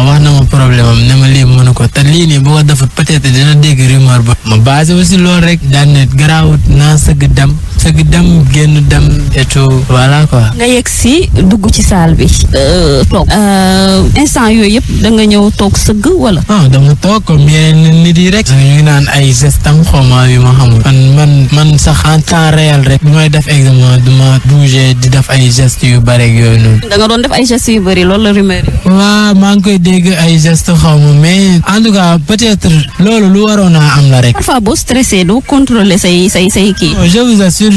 wax na ma problème am ne ma lii mënu ko te lii nii boo ko defut peut-être dina dégg rumeur ba ma basé aussi loolu rek daan garaawut naa sëgg dem sëgg dem génn dem et tout voilà quoi. nga yegg si dugg ci saal bi. Euh, toog euh, instant yooyu yëpp da nga ñëw toog sëgg wala. ah dama toog comme yeneen nit yi rek. ñu ngi naan ay gestam xoma yu ma xamul. man man man sax en temps réel rek. bu may def examen du ma di def ay gest yu bëri yooyu noonu. da nga doon def ay gestes yu bëri loolu la rumeur. waaw maa ngi koy dégg ay gestes xaw ma mais en tout cas peut-être loolu lu waroon a am la rek. parfois boo stressé doo contrôler say say kii.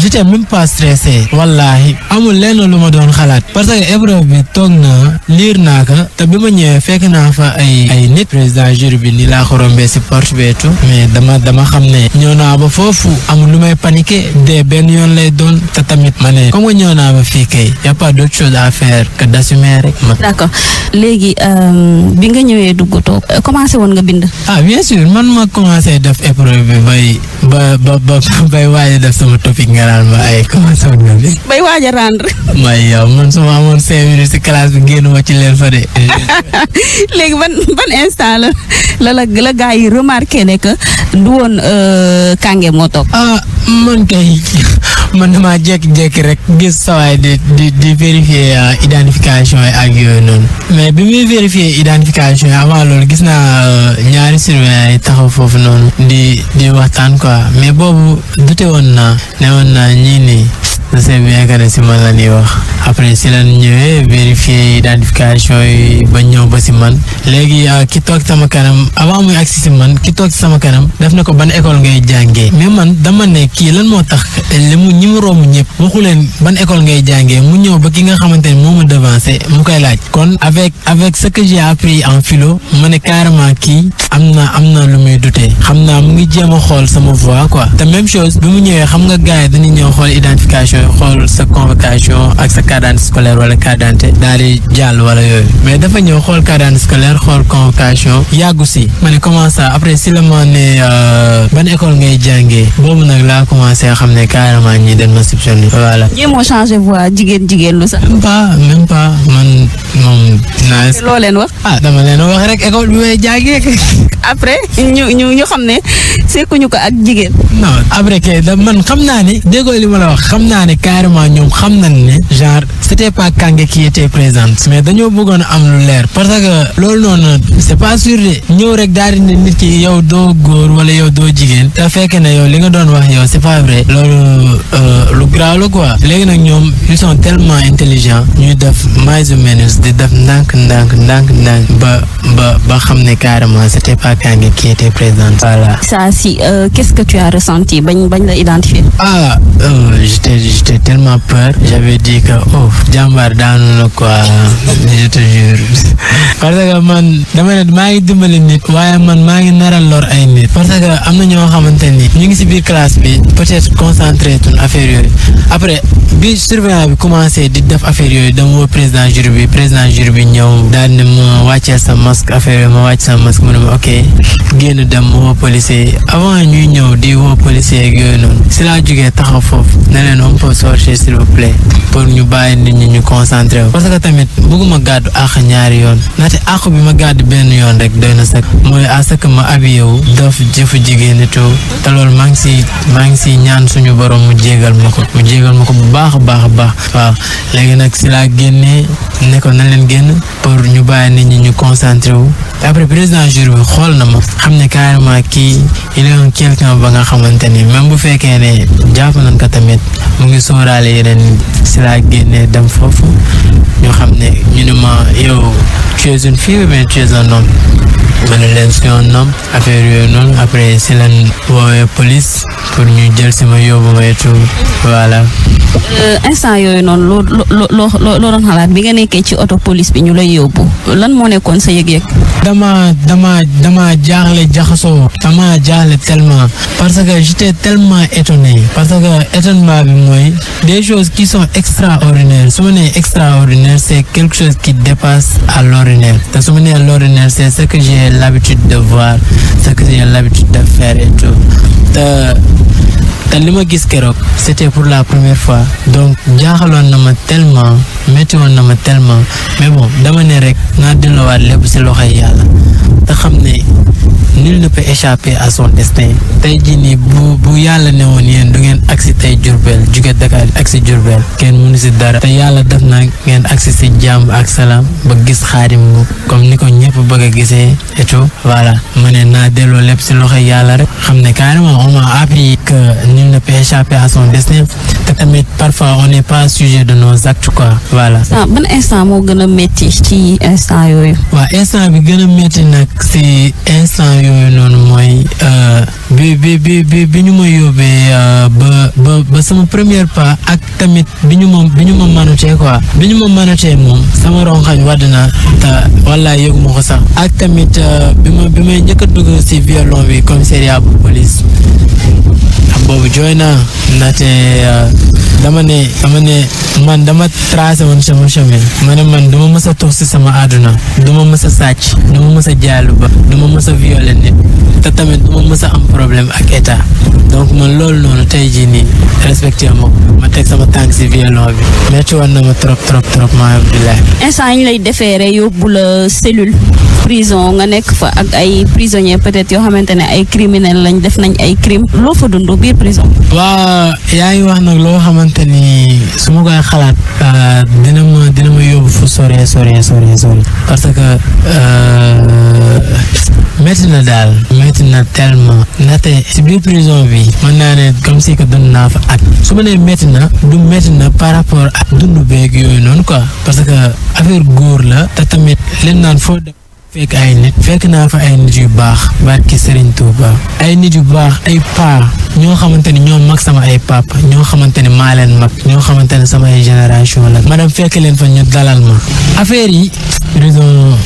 j'étais même pas stressé wallahi amul lenn lu ma doon xalaat parce que épreuve bi toog naa liir naa ko te bi ma ñëwee fekk naa fa ay ay nit président jury bi ni laa ko rombee si porte beetu mais dama dama xam ne ñëw naa ba foofu am lu may paniqué de benn yoon lay doon te tamit ma ne comme que ñëw naa ba fii kay y a pas d'autre chose à faire que rek ma. d'accord léegi euh, bi nga ñëwee dugg toog euh, commencé woon nga bind. ah bien sûr man ma commencé def épreuve bi bay ba topic nga naan ma ay bay waaj a rendre. may yow man su ma amoon minutes si classe génn ma fa de. léegi ban ban la la la la gars du woon euh, Kange moo toog. ah man kay man damaa jékki-jékki rek gis sawaay di di di vérifier euh, identification yi ak yooyu noonu. mais bi muy vérifier identification yi loolu gis naa euh, ñaari surveillant yi taxaw foofu noonu. di waxtaan quoi mais boobu dute woon naa newoon naa ñii nii c'est bien que ne si man la ñuy wax après si lan ñëwee vérifier identification yi ba ñëw ba si man léegi ah, ki toog sama kanam avant muy agsi si man ki toog sama kanam def na ko ban école ngay jàngee mais man dama ne kii lan moo tax li mu ñi mu ñëpp waxu leen ban école ngay jàngee mu ñëw ba ki nga xamante ne moo ma devancé mu koy laaj kon avec avec ce que j'ai en filo ma ne carrément kii am na am na lu muy dute xam naa mu ngi jéem xool sama voix quoi te même chose bi mu ñëwee xam nga gars yi dañuy ñëw xool identification xool sa convocation ak sa carte d'identité scolaire wala carte d'identité daal di jàll wala yooyu mais dafa ñëw xool carte scolaire xool convocation yàggu si ma ne après si la ma ne euh, ban école ngay jàngee boobu nag laa commencé xam ne carrément ñii dañ ma soupçonné voilà. jéemoo changé voix jigéen jigéen lu sax. même pas même pas man moom dinaa. loo leen wax. ah dama leen wax rek école bi may jàngee après ñu ñu xam ne sekkuñu ko ak jigéen. non après que man xam xam naa ne li ma la wax xam naa ne carrément ñoom xam nañ ne genre c'était pas Kangué qui était présente mais dañoo bëggoon am lu leer parce que loolu noonu c'est pas sûr de ñëw rek daal di ne nit ki yow doo góor wala yow doo jigéen te fekk ne yow li nga doon wax yow c'est pas vrai loolu euh, lu graaw la quoi léegi nag ñoom ils sont tellement intelligents ñuy def mais ou menos di def ndànk ndànk ndànk ndànk ba ba ba xam ne carrément c'était pas Kangué qui ki présente voilà. ça si euh, qu'est-ce que tu as ressenti bañ bañ la identifier. Ah, euh, j'étais tellement peur. J'avais dit que, oh, jàmbaar daanu na quoi, je te parce que man dama ne maa ngi dimbali nit. waaye man maa ngi naral lor ay nit. parce que am na ñoo xamante ni ñu ngi si biir classe bi peut-être concentré tun affaire yooyu après bi surveillant bi commencé di def affaire yooyu dama woo président jury bi président jury bi ñëw daal ne ma wàcceel sa masque affaire yooyu ma wàcc sa masque mu ne ma ok génn dem woo policier avant ñuy ñëw di woo policier ak yooyu noonu laa jugee taxaw foofu ne leen on peut sortir s'il pour ñu bàyyi nit ñi ñu concentré wu parce que tamit bëgguma gàddu àq ñaari yoon ndaxte àq bi ma gàddu benn yoon rek doy na sëkk mooy à ce que ma habillé wu def jëfu jigéen itu te loolu maa ngi si maa ngi si ñaan suñu boroom mu jégal ma ko mu jégal ma ko bu baax baax a baax waaw léegi nag si laa génnee ne ko na leen génn pour ñu bàyyi nit ñi ñu concentré wu après président jour bi xool na ma xam ne carrément kii il est un quelqu'un ba nga jàpp nañ ko tamit mu ngi sóoraale yeneen si laa génnee dem foofu ñu xam ne ñu ne ma yow tu es ma ne leen si un homme affaire yooyu noonu après si lañ woowee police pour ñu jël si ma yóbbu ma et tout voilà. Euh, instant yooyu noonu loo loo loo doon xalaat bi nga nekkee ci oto police bi ñu lay yóbbu lan moo nekkoon sa yëg-yëg. dama dama dama jaaxle jaxasoo dama jaaxle tellement parce que j'étais tellement étonné parce que étonnement bi mooy des choses qui sont extraordinaires su ma nee extraordinaire c'est quelque chose qui dépasse à l'ordinaire te su ma nee l'ordinaire c'est ce que j'ai l'habitude de voir ce que j'ai l'habitude de faire et te li ma gis keroog c'était pour la première fois donc jaaxaloon na ma tellement métti woon na ma tellement mais bon dama ne rek naa delluwaat lépp si loxoy yàlla te xam ne nul ne peut échapper à son destin tey jii nii bu bu yàlla ne woon yéen du ngeen agsi tey Jurbel jóge Dakar agsi Jurbel kenn mënu si dara te yàlla def na ngeen agsi si jàmm ak salaam ba gis xaadim bu comme ni ko ñëpp bëgg a gisee et tout ma ne naa delloo lépp si loxo yàlla rek xam ne carrément on m'a appris que nul ne peut échapper destin te tamit parfois on n'est pas sujet de nos actes quoi voilà. ban instant moo gën a ci instant yooyu. si instant yooyu noonu mooy euh, bi bi bi bi ñu ma yóbbee euh, ba ba ba sama première pas ak tamit bi ñu ma bi ñu ma bi ñu ma manutee moom sama ronxañ wadd na te wallaay yëgu ma ko ak tamit euh, bi ma bi may njëkk dugg si violon bi commissariat bu police boobu jooy naa ndaxte dama ne dama ne man dama tracé woon sama chemin ma ne man du ma mës si sama àdduna du ma sàcc du ma mës Amadou Ba du ma mës a violer nit te tamit du ma mës a am problème ak état donc man loolu noonu tey jii nii respecté ma ma teg sama tànk si violon bi na ma trop trop trop maa abdoulaye. instant ñu lay defeere yóbbu la nga nekk fa ak ay prisonniers peut-être yoo xamante ne ay criminels lañ def nañ ay crime loo fa dund biir prison. waaw yaa ngi wax nag loo xamante ni su ma koy xalaat euh, dina ma dina ma yóbbu fu sore sore sore parce que. Euh, métti na daal métti na tellement ndaxte si biir prison bi mën naa ne comme si que dund naa fa at su ma nee métti na du métti na par rapport ak dund beeg yooyu noonu quoi parce que affaire góor la te tamit leen naan foo dem fekk ay nit fekk naa fa ay nit yu baax barki Serigne Touba ay nit yu baax ay paa ñoo xamante ni ñoo mag sama ay pap ñoo xamante ni maa leen mag ñoo xamante ni sama ay génération la ma dem fekk leen fa ñu dalal ma affaire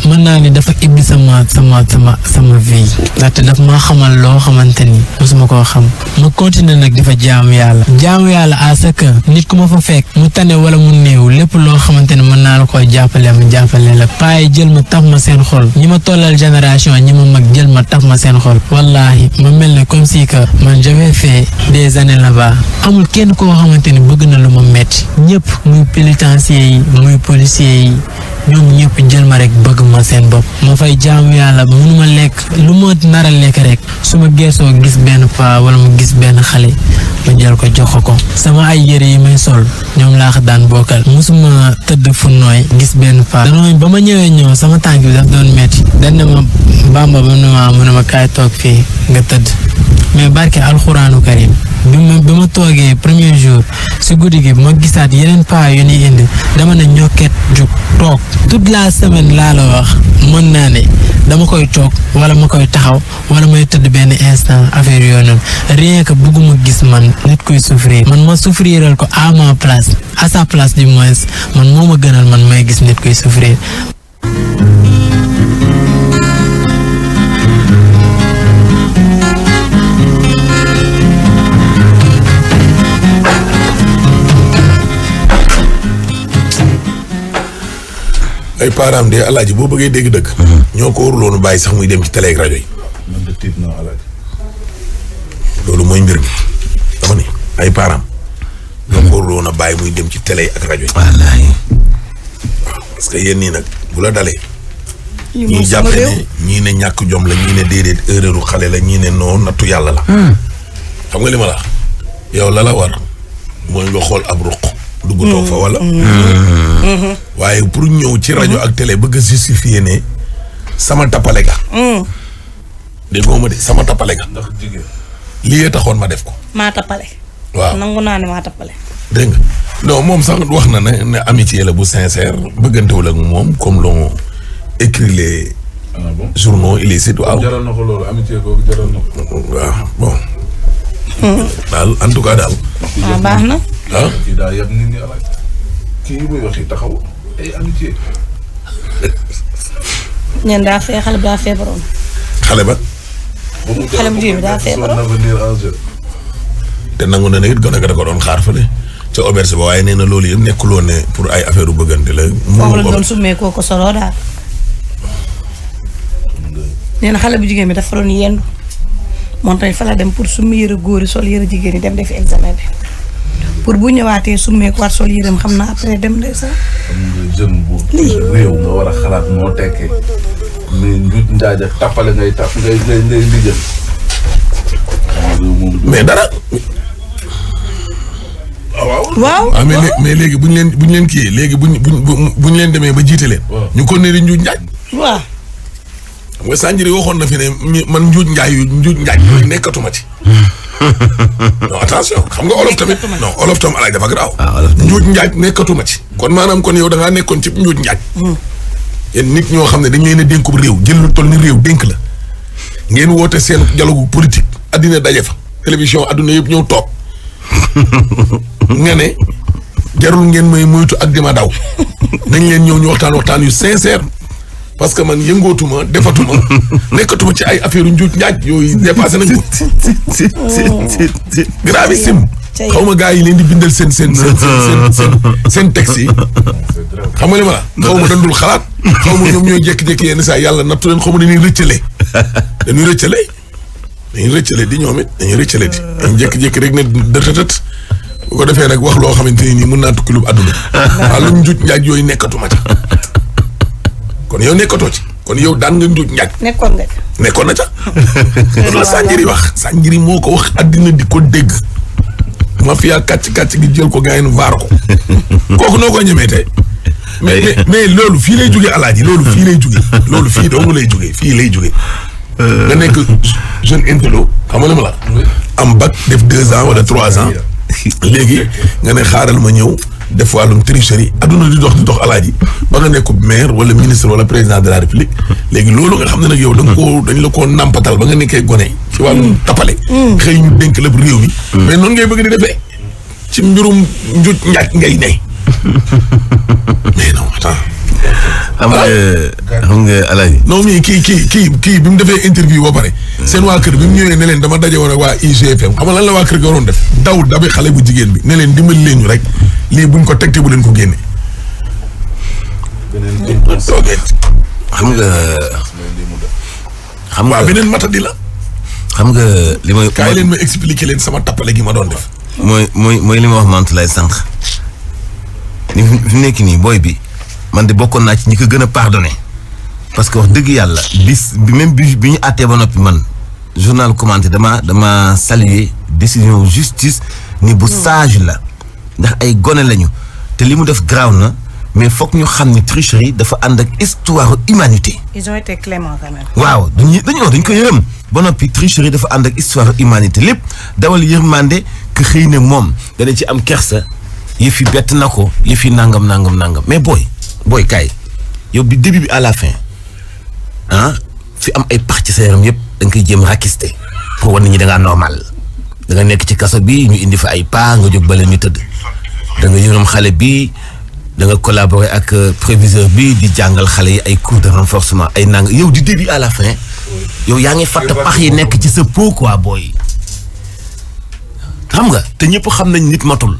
mën naa ni dafa ibbi sama sama sama sama vie ndaxte daf maa xamal loo xamante ni mosuma koo xam ma continuer nag dafa jaamu yàlla jaamu yàlla à ce nit ku ma fa fekk mu tane wala mu néew lépp loo xamante ni mën naa la koo jàppale ma jàppale la paaye jël ma taf ma seen xol ñi ma tollal génération ñi ma mag jël ma taf ma seen xol wallahi ma mel ne comme si que man j'avais fait des années là ba amul kenn koo xamante ni bëgg na lu ma metti ñëpp muy pénitencier yi muy policier yi ñoom ñëpp jël ma rek bëgg ma seen bopp ma fay jaamu yàlla mënu ma lekk lu moo nar a lekk rek su ma geesoo gis benn paa wala mu gis benn xale ma jël ko jox ko sama ay yére yi may sol ñoom laax daan bokkal musuma tëdd fu nooy gis benn paa. danoo metti dañ ne ma bamba ba ma mu ne ma kaay toog fii nga tëdd mais barke alxuraanu karim bi ma bi ma toogee premier jour si guddi gi ma gisaat yeneen paa yu ni indi dama ne ñokket jug toog toute la semaine laa la wax mën naa ne dama koy toog wala ma koy taxaw wala may tëdd benn instant affaire yooyu noonu rien que bëgguma gis man nit koy souffrir man ma souffriral ko à place à sa place du moins man moo ma gënal man may gis nit koy souffrir ay param de alaaji boo bëggee dégg dëgg ñoo ko warul bàyyi sax muy dem ci tele ak rajo yi loolu mooy mbir mi dama ni ay param ñoo ko warul bàyyi muy dem ci télé ak rajo parce que yéen nag bu la dalee. ñii jàpp ne ñii ne ñàkk jom la ñii ne déedéet erreuru xale la ñii ne noo nattu yàlla la. Hmm. xam nga li ma la yow la la war mooy nga xool ab ruq. duggutoo hmm. fa wala. Hmm. waaye pour ñëw ci rajo ak télé bëgg a justifier ne sama tappale ga. ma de sama tappale ga. ndax taxoon ma def ko. maa tappale. waaw nangu naa ne maa tappale. dégg nga non moom sax wax na ne ne amitié la bu sincère bëggantewul ak moom comme l'ont écrit les ah, journaux et les waaw. na ko loolu amitié boobu jaral na ko. bon. daal en tout cas daal. waaw ah, baax na. ah kii daa yab xale bi daa feebaroon. xale ba. xale bu jigéen daa feebaroon. te nangu na ne it gone ga da doon xaar fële. ca auberge waaye nee na loolu yëpp nekkul woon ne pour ay affaire u bëggante la. foofu la doon summee koo ko soloo daal. nee na xale bu jigéen bi dafa doon yendu moom tamit fa la dem pour summi yëre góor yi sol yëre jigéen yi dem defi examen pour bu ñëwaatee summee ko sol yëreem xam naa après dem de sax. xam nga nga war a xalaat moo tekkee mais dara. waaw waaw ah, mais mais léegi bu ñu leen bu ñu leen kii léegi bu ñu bu ñu leen demee ba jiite leen. ñu ko ne di njuuj njaaj. waaw. mooy Sanjiri waxoon na fi ne man njuuj njaaj yu njuuj njaaj nekkatuma ci. non xam nga olof tamit non olof tam alaaj dafa garaaw. waaw ah, olof tamit njuuj nekkatuma ci. kon maanaam kon yow da nekkoon ci njuuj njaaj. Hmm. nit ñoo xam ne dañ leen a bu réew jël lu toll ni réew dénk la ngeen woote seen dialogue politique addina daje fa télévision adduna yëpp ñëw toog nga ne jarul ngeen may moytu ak dima daw nañ leen ñëw ñu waxtaan waxtaan yu sincère parce que man yëngootuma defatuma nekkatuma ci ay affaire yu njuuj njaaj yooyu dépassé nañ ko gravissime xaw ma gars yi leen di bindal seen seen seen seen seen texte yi xam nga li ma la xaw ma dandul xalaat xaw ma ñoom ñooy jékki-jékki yenn saa yàlla nattu leen xaw ma dañuy rëccale dañuy rëccale dañuy rëccale di ñoom it dañuy rëccale di. Euh. jékki-jékki rek ne dëtëtët bu ko defee nag wax loo xamante ne nii mën naa tukki lu àdduna. waaw lu njuuj njaaj yooyu nekkatuma ca. kon yow nekkatoo ci. kon yow daan nga njuuj njaaj. nekkoon nga ca. nekkoon na ca. loolu la Sanjiri wax. Sanjiri moo ko wax àddina di ko dégg. mafia kàcc kàcc gi jël ko gars yi nu vaar ko. kooku noo ko ñemee te mais mais loolu fii lay jugee alaaji loolu fii lay jugee. loolu fii dong lay jugee fii lay jugee. Euh, nga nekk jeune intello xam nga li ma la. am bac def deux ans wala trois ans. léegi nga ne xaaral ma ñëw def wàllum tricherie adduna di dox di dox alaaji ba nga nekkub maire wala ministre wala président de la république léegi loolu nga xam ne nag yow da nga koo dañ la koo nàmpatal ba nga nekkee gone ci wàllum mm. tapale mm. xëy ñu dénk lépp réew mi mm. mais noonu ngay bëgg di defee ci mbirum njuj njaaj ngay ne mais xam nga xam nga Alaaji. non mais kii kii kii kii bi mu defee interview ba pare. seen waa kër bi mu ñëwee ne leen dama daje woon ak waa IGFM xam nga la waa kër gi waroon def. daw dabe xale bu jigéen bi ne leen dimbali leen ñu rek lii buñ ko tegte bu leen ko génne. xam nga. xam nga waaw beneen matadi la. xam nga li may. kaay leen ma expliquer leen sama tappale gi ma doon def. mooy mooy mooy li ma wax Mantoulaye sànq. ni fi nekk nii booy bi. man de bokkoon naa ci ñi ko gën a pardonné parce que wax dëgg yàlla bis même bi bi ñu àttee ba noppi man journal commenté dama dama saluer décision justice ni bu hmm. sage la ndax ay gone lañu te li mu def garaaw na mais foog ñu xam ni tricherie dafa ànd ak histoire humanité. ils ont waaw dañuy dañoo dañ ba noppi tricherie dafa ànd ak histoire humanité lépp dawal yërmande que xëy na moom dana ci am kersa yëf yi bett na ko yëf yi nangam nangam nangam mais booy. booy kaay yow bi début bi à la fin ah fi am ay pax ci sa yaram yëpp da nga koy jéem rakiste pour wan ñi da ngaa da nga nekk ci kaso bi ñu indi fa ay paa nga jóg bale mi tëdd da nga yërëm xale bi da nga collaborer ak euh, préviseur bi di jàngal xale yi ay cours de renforcement ay nang yow di début à la fin yow yaa ngi fàtt pax yi nekk ci sa peau quoi booy xam nga te ñëpp xam nañ nit matul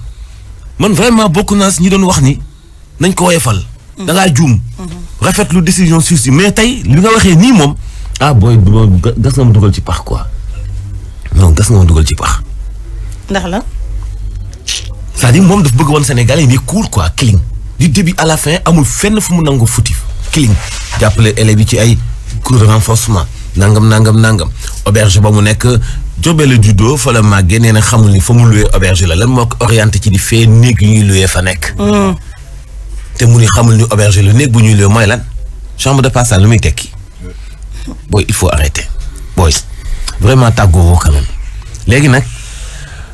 man vraiment bokk naa si ñu doon wax ni nañ ko woyefal da ngaa juum. rafetlu décision suuf si mais tey li nga waxee nii moom ah booy gas nga mu dugal ci pax quoi non gas nga ma dugal ci pax. ndax la. cest à moom daf bëgg woon Sénégal yi nii court quoi clean du début à la fin amul fenn fu mu nangu futif clean jàppale élèves yi ci ay cours de renforcement nangam nangam nangam auberge ba mu nekk. Jobel la juddoo fa la màggee nee na xamul ni fa mu luwee auberge la lan moo ko orienté ci di fee néeg yi ñuy luwee fa nekk. Hmm. te mu ni xamul ñu auberge lu néeg bu ñuy lee mooy lan chambre de passage lu muy tekki booy il faut arrêter booy vraiment tàggoo woo même léegi nag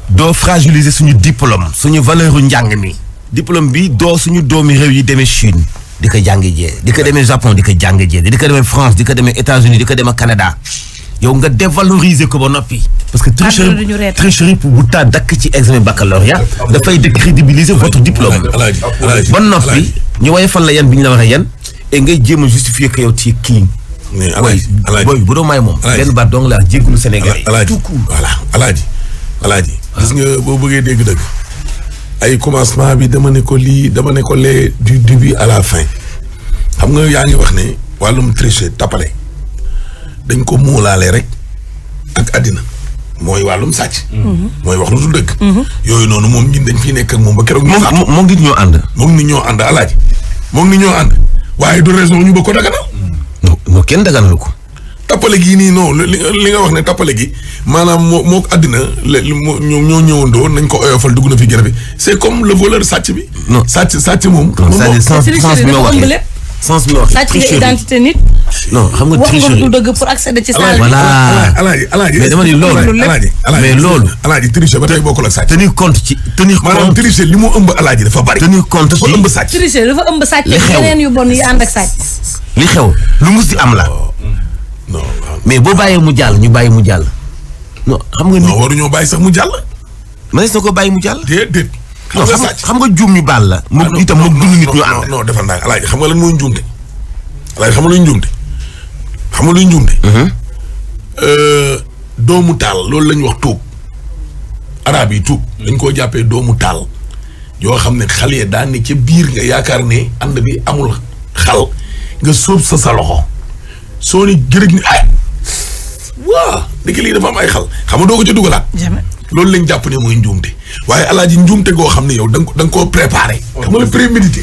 doo fragiliser suñu diplôme suñu valeur u njàng mi diplôme bi doo suñu doomi réew yi demee Chine di ko jàng jee di ko demee Japon di ko jàng jee di ko demee France di ko demee États-Unis di ko demee Canada yow nga dévaloriser ko ba noppi. parce que tricherie tricherie pour wutaa dakk ci examen baccalauréat dafay décrédibiliser votre diplôme. ba noppi ñu waaye fan la yan bi ñu la waxee yan. et ngay jéem a justifier que yow kii. mais Alaaji Alaaji bu doon may moom. benn baat dong la jégalu Sénégal yi tout court. voilà Alaaji Alaaji. gis nga boo bëggee dégg dëgg. ay commencement bi dama ne ko lii dama ne ko lee du début à la fin. xam nga yaa ngi wax ne wàllum tricher tapale. dañ ko moo laalee rek ak àddina mooy wàllum sàcc. Mm-hmm. mooy wax lu dul dëgg. Mm-hmm. yooyu noonu moom ñun dañ fi nekk moom ba keroog. moo sax moom ñoo ànd. moom nit ñoo ànd alaaji moom nit ñoo ànd waaye du raison ñu bëgg ko daganal. non non kenn daganalu ko. tappale gi nii non li nga wax ne tappale gi maanaam moo moo àddina ñoo ñëwandoo nañ ko oyofal dugg na fi gerte bi c'est comme le voleur sàcc bi. non sàcc sàcc moom. non c'est-à-dire sens bi nga waxee sens bi nga wax. tricherie identité nit. non xam nga tricherie wax nga du dëgg pour accéder ci salle bi. voilà alaaji ni loolu. alaaji mais loolu. alaaji tricherie ba tey bokkul ak sàcc. li mu ëmb alaaji dafa bari. tenir compte ci ëmb sàcc. dafa ëmb li xew lu mus di am la. Oh. mais boo bàyyee mu jàll ñu bàyyi mu jàll. non xam nga. non ñoo bàyyi sax mu jàll. mënees na ko bàyyi mu jàll. déedéet. xam nga xam nga juum ñu baal la. Ah, moom itam moom dund nit ñu ànd. non non xam nga lan mooy njuumte alaaji xam nga luy njuumte xam nga luy njuumte. Mhm. Euh, doomu taal loolu la wax tuub arab yi tuub dañ koo jàppee doomu taal yoo xam ne xale ya daan ne ca biir nga yaakaar ne ànd bi amul xal nga sóob sa sa loxo soo ni gërëg ni ay waa ndeke lii dafa am ay xal xam nga doo ko ci ca dugalaat. loolu lañ jàpp ne mooy njuumte waaye alaaji njuumte goo xam ne yow da nga da nga koo préparé. Oh, xam nga prémédité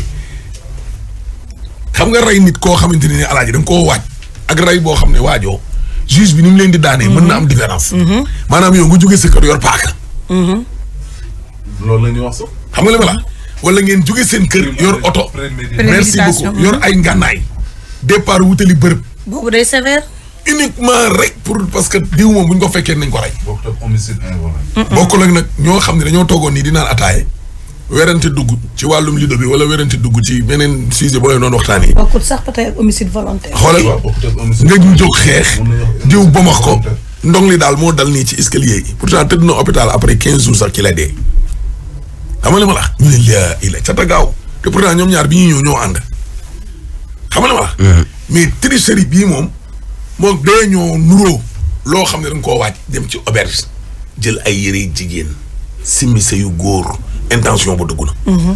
xam nga rey nit koo xamante ne alaaji da nga koo waaj ak rey boo ne waajoo juge bi ni mu leen di daanee. mën na am mm-hmm. différence. Mm-hmm. maanaam yow nga jógee sa kër yor paaka. Mm-hmm. loolu la ñuy wax xam nga li ma wala ngeen jóge seen kër yor oto. merci beaucoup yor ay ngànnaay départ wutali bërëb. boobu day sévère. uniquement rek pour parce que diw moom bu ñu ko fekkee nañ ko rey. bokkul ak homicide involontaire. bokkul ak nag ñoo xam ne dañoo toogoon nii di naan ataaye. werante dugg ci wàllum lido bi wala werante dugg ci beneen sujet boo leen doon waxtaanee. bokkul sax ba tey ak homicide volontaire. xoolal nga ñu jóg xeex. diw bomax ko. ndong daal moo dal nii ci escalier yi. pourtant tëdd na hôpital après quinze jours sax ci la dee. xam nga li ma la ñu ne lii la cata gaaw te pourtant ñoom ñaar bi ñu ñëw ñoo ànd. xam nga li ma la mm-hmm. mais tricherie bii moom. moom dee ñoo nuroo loo xam ne da nga koo waaj ci auberge jël ay jigéen simise yu góor intention bu dugg na mhm.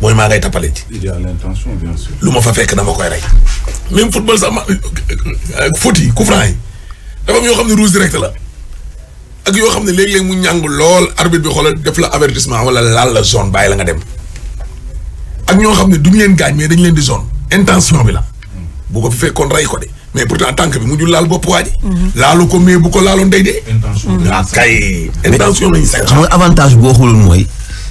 mooy maa tappale ci lu ma fa fekk dama koy rey même football sax ma euh, foot yi coup yoo xam ne rouge direct la ak yoo xam ne léeg-léeg mu ñàng lool arbitre bi def la avertissement wala laal la zone bàyyi la nga dem ak ñoo xam ne duñu leen gaañ mais dañu leen di zone intention bi la mm. bu ko fi fekkoon rey ko de mais pour pourtant tànk bi mujjul laal bopp waa ji. laalu ko mais bu ko laaloon day dee. Ah, kay intention lañu sax xam nga avantage boo xooloon mooy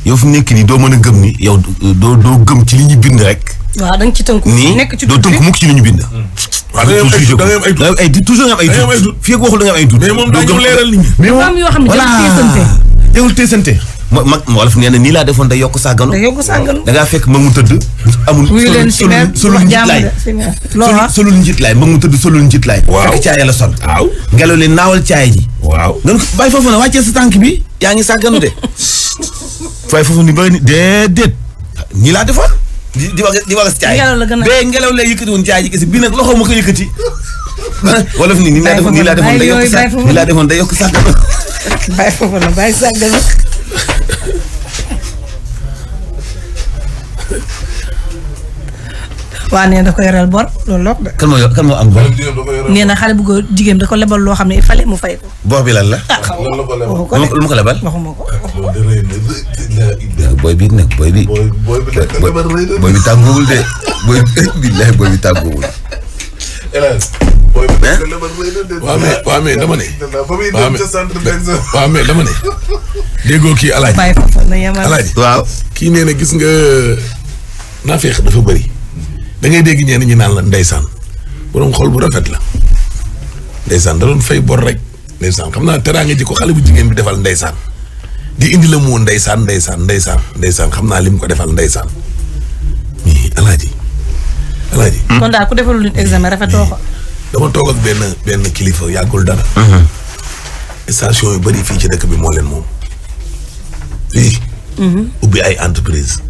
yow fi nekk nii doo mën a gëm ni yow doo doo gëm ci li ñu bind rek. waaw da nga ci ci doo ñu bind. Hmm. waaw da ngay ay doute toujours da ngay am ay doute. fii ak waxul da ngay am ay doute. mais moom dañu leeral nit ñi. mais moom voilà teewul teesante. ma mag wolof nee na laa defoon da yokk sàgganu. da yokk sàgganu da ngaa fekk ma mu tëdd. amul solul solul njiitlaay solul njiitlaay ma mu tëdd solul njiitlaay. waaw fekk la sol. waaw ngelaw li naawal caaya ji. waaw nga ko bàyyi foofu na wàccee sa tànk bi yaa ngi sàgganu de. waaye foofu ni ba ni déedéet nii laa defoon. di di wax di a bee ngelaw lay yëkkati woon caaya ji kese bii nag loxo ma a yëkkati. wolof ni nii laa defoon nii laa defoon da yokk sàgganu. bàyyi foofu la bàyyi foofu waa nee da ko yoreel bor loolu la. kan moo kan moo am bor. nee na xale bu ko jigéen da ko lebal loo xam ne il fallait mu fay ko. bi lan la. ah xaw ma lu ma ko lebal ah, booy bi nag booy bi. booy booy bi tàgguwul de booy bi billahi waaw mais waaw mais dama ne. waaw mais dama ne. déggoo kii Alaaji. Alaaji waaw. kii nee na gis nga naafeex dafa bëri. da ngay dégg ñenn ñi naan la ndeysaan borom xol bu rafet la. ndeysaan da doon fay bor rek. ndeysaan xam naa teraanga ji ko xale bu jigéen bi defal ndeysaan. di indi la mu ndeysaan ndeysaan ndeysaan ndeysaan xam naa lim ko defal ndeysaan. nii Alaaji Alaaji. kon daal ku defalul nit examen rafetoo ko. dama toog ak benn benn kilifa yàggul dara. Mhm. station yu bëri fii ci dëkk bi moo leen moom. fii. Mhm. ubbi ay entreprise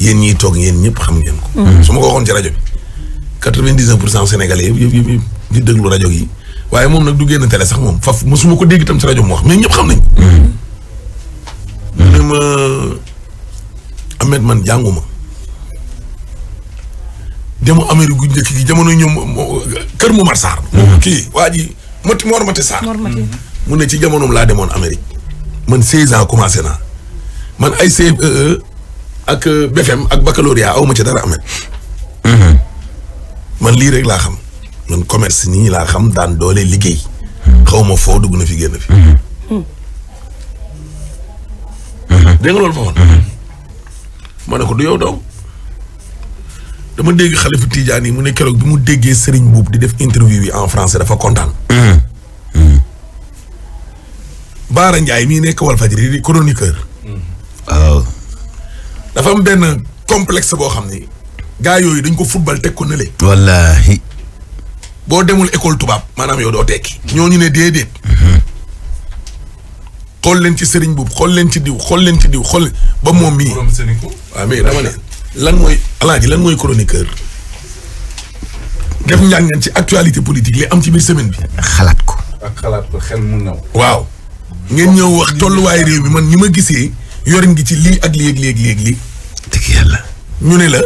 yéen ñiy toog yéen xam ngeen ko. Mhm. su ma waxoon ci rajo bi quatre vingt dix pour cent sénégalais yëpp di déglu rajo yi waaye moom nag du génn télé sax moom faf mosuma ko dégg tam ci rajo mu wax mais ñëpp xam nañ. mu ne man jànguma demu Amérique njëkk gi jamono ñoom kër mat Sarr. Mm-hmm. kii waa ji moti Mor Mati Sarr. Mm-hmm. mu ne ci jamonoom laa demoon Amérique. man 16 ans commencé naa man ay CFEE euh, euh, ak euh, BFM ak baccalauréat aw ma ci dara amee. Mm-hmm. man lii rek laa xam man commerce nii laa xam daan doole liggéey. xaw ma foo dugg na fi génn fi. dégg nga loolu foofu. ne ko du yow dong. dama dégg xalifu Tidiane yi mu ne keloog bi mu déggee Serigne Mboup di def interview yi en français dafa kontaan. Hmm. Hmm. Baara Ndiaye mii nekk Walfadjri di chroniqueur. waaw. dafa am benn complexe boo xam ni. gaa yooyu dañ ko football teg ko nële. wallaahi. boo demul école tubaab maanaam yow doo ñoo ñu ne déedéet. Hmm. xool leen ci sëriñ Mboup xool leen ci diw xool leen ci diw xool ba moom mii. waaw mais dama ne lan mooy. alaaji lan mooy chroniqueur def njàngan ci actualité politique li am ci biir semaine bi. xalaat ko. ak xalaat ko xel mu ñëw. waaw ngeen ñëw wax tolluwaay réew mi man ni ma gisee yor ngi ci lii ak léeg léeg léeg lii. dëgg yàlla. ñu ne la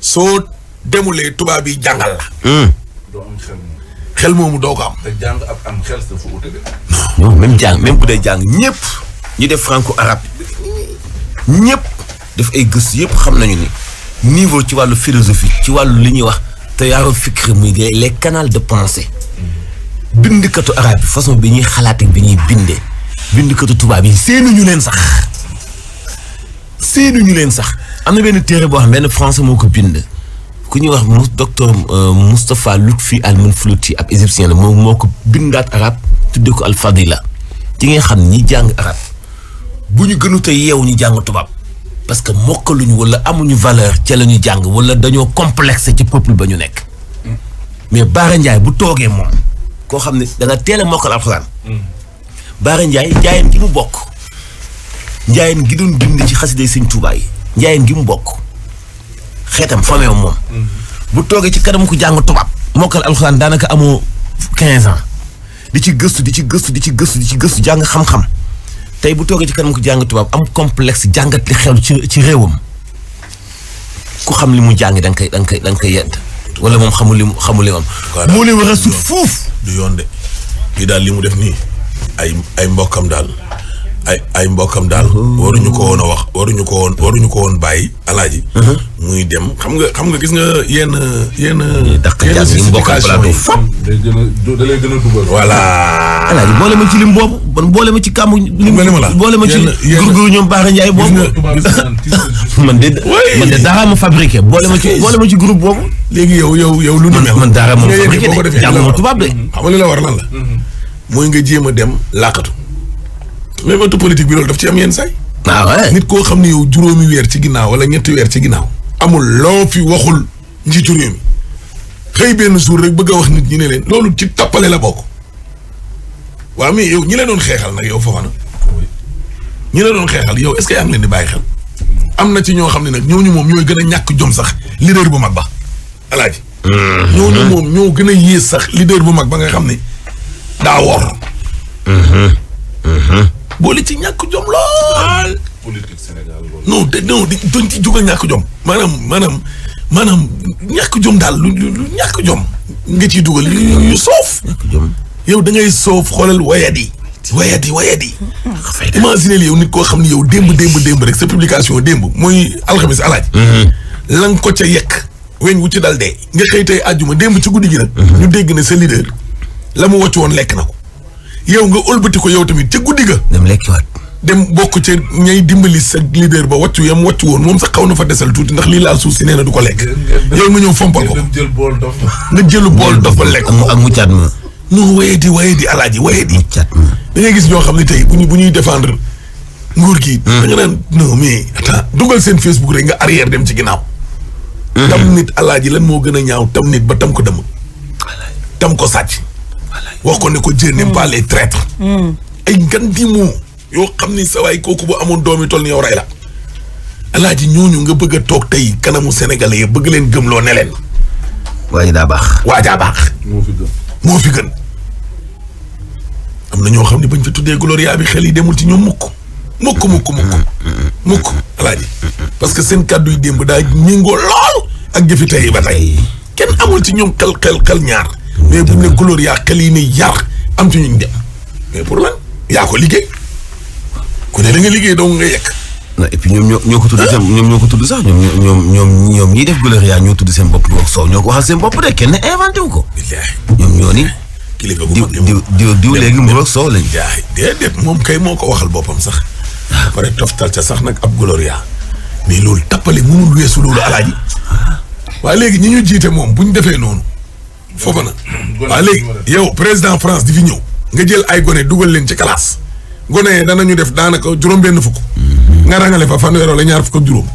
soo demulee tubaab yi jàngal la. Hmm. doo xel moomu. doo ko am. te jàng ak am xel sa fu ute de. jàng même dee jàng ñëpp. ñu def franco arabe ñëpp. def ay gëstu yëpp xam nañu ni niveau ci wàllu philosophie ci wàllu li ñuy wax te yaaru fikr muy les canaux de pensée bindkatu arabe bi façon bi ñuy xalaatee bi ñuy bindee bindkatu tubaab yi seenuñu leen sax seenuñu leen sax am na benn téere boo xam benn français moo ko bind ku ñuy wax mu docteur euh, Moustapha Lutfi al-Munfluti ab égyptien la moom moo ko bindaat arab tuddee ko al-Fadila ci nga xam ñi jàng arab bu ñu gënu te yeew ñi jàng tubaab. parce que mokkaluñu wala amuñu valeur ca la ñu jàng wala dañoo complexe ci peuple ba ñu nekk. mais Baara Ndiaye bu toogee moom. koo xam ne da nga teel a mokkal alxuraan. Baara Ndiaye njaayeen gi mu bokk. njaayeen gi doon bind ci xasida Sëñ Tuubaa yi. njaayeen gi mu bokk. xeetam fameewam moom. bu toogee ci kanam ku jàng tubaab. mokkal alxuraan daanaka amoo quinze ans. di ci gëstu di ci gëstu di ci gëstu di ci gëstu jàng xam-xam. tey bu toogee ci kanam ko jàng tubaab am complexe jàngat li xew ci ci réewam ku xam li mu jàng da koy da nga koy da yedd wala moom xamul li mu xamul li mu am. moo leen war du yoon de kii daal li mu def nii ay ay mbokkam daal ay ay mbokkam daal. waruñu ko woon a wax waruñu ko woon waruñu ko woon bàyyi alaaji. Uh-huh. muy dem xam nga xam nga gis nga yenn yenn. yenn justification yi fop. day gën a lay gën a dugal. voilà. alaaji boole ma ci lim boobu bon boole ma ci kàmmu. boole ma la boole ma ci gurguru ñoom Baara Ndiaye boobu. man de man de dara ma fabriqué boole ma ci boole ma ci groupe boobu. léegi yow yow yow lu ni man dara ma fabriqué de jàmm ma tubaab de. xam nga la war lan la. Mm-hmm. mooy nga jéem a dem laaqatu mais ëttu politique bi loolu daf ci am yenn say. ah nit koo xam ne yow juróomi weer ci ginnaaw wala ñetti weer ci ginnaaw. amul loo fi waxul njiitu réew mi xëy benn jour rek bëgg a wax nit ñi ne leen loolu ci tappale la bokk waaw mais yow ñi leen doon xeexal nag yow Fofana ñi leen doon xeexal yow est-ce que am leen di bàyyi xel. am na ci ñoo xam ne nag ñooñu moom ñooy gën a ñàkk jom sax leader bu mag ba alaaji. Mm-hmm. ñooñu moom ñoo gën a yées sax leader bu mag ba nga xam ne daa boole ci ñàkk jom lool. politique Sénégal lool. non de non duñ ci jóg ñàkk jom maanaam maanaam maanaam ñàkk jom daal lu lu ñàkk jom nga ciy dugal yu soof. ñàkk jom yow da ngay soof xoolal wayadi. wayadi wayadi. Ah, imaginez yow nit koo xam ne yow démb démb démb rek sa publication démb mooy alxamis alaaj mm-hmm. lan ko ca yekk. weñ wu ci dal dee. nga xëy tey àjjuma démb ci guddi gi nag. Mm-hmm. ñu dégg na sa leader. la mu wàcc woon lekk na ko. yow nga ëlbati ko yow tamit ca guddi ga. dem lekkiwaat. dem bokk ca ñay dimbali sa leader ba wàccu yam wàccu woon moom sax xaw na fa desal tuuti ndax lii laal suuf si nee na du ko lekk. yow nga ñëw fompal ko. jël bool dof nga jëlu bool dof ba lekk ko. ak muccaat ma. non waye di waye di alaaji waye di. muccaat da ngay gis ñoo xam ne tey bu ñuy bu ñuy nguur gi. Hmm. da nga naan non mais. attends dugal seen Facebook rek nga arrière dem ci ginnaaw. Hmm. tam nit alaaji lan moo gën a ñaaw tam nit ba tam ko dem. tam ko sàcc. wax ko ne ko Dieu n'aime pas les traîtres. Mm. ay ngandi moo yoo xam ni sa kooku bu amoon doom yi toll ni yow rey la. alaaji ñooñu nga bëgg a toog tey kanamu senegal yi bëgg leen gëmloo ne leen. waaye daa baax. waa daa baax. fi gën am na xam ne bañ fi tuddee gloria bi xel yi demul ci ñoom mukk mukk mukk mukk mm, mm, mukk alaaji que seen kàddu yi démb daa ñëngoo lool ak jëfi tey ba tey kenn amul ci ñoom xel xel xel ñaar. mais bu ne gloria xel yi ne yar am ci ñu dem mais pour la yaa ko liggéey ku ne da nga liggéey dong nga yekk. non et puis ñoom ñoo ñoo ko tudd seen ñoom ñoo ko tudd sax ñoom ñoom ñoom ñoom ñiy def gloria tudd seen bopp ñoo soow ñoo ko waxal seen bopp de kenn inventé wu ko. ñoom ñoo ni. kilifa gu mag diw diw diw léegi mu rog soow lañ. jaay déedéet moom kay moo ko waxal boppam sax. Ah. ba pare toftal ca sax nag ab gloria. mais loolu tappale mënul weesu loolu alaaji. Ah. waaye léegi ñi ñu jiite moom bu ñu defee noonu. foofa na waaw léegi yow président France di fi ñëw nga jël ay gone dugal leen ci classe gone yi ñu def daanaka juróom-benn fukk nga rangale fa fanweer wala ñaar fukk ak juróom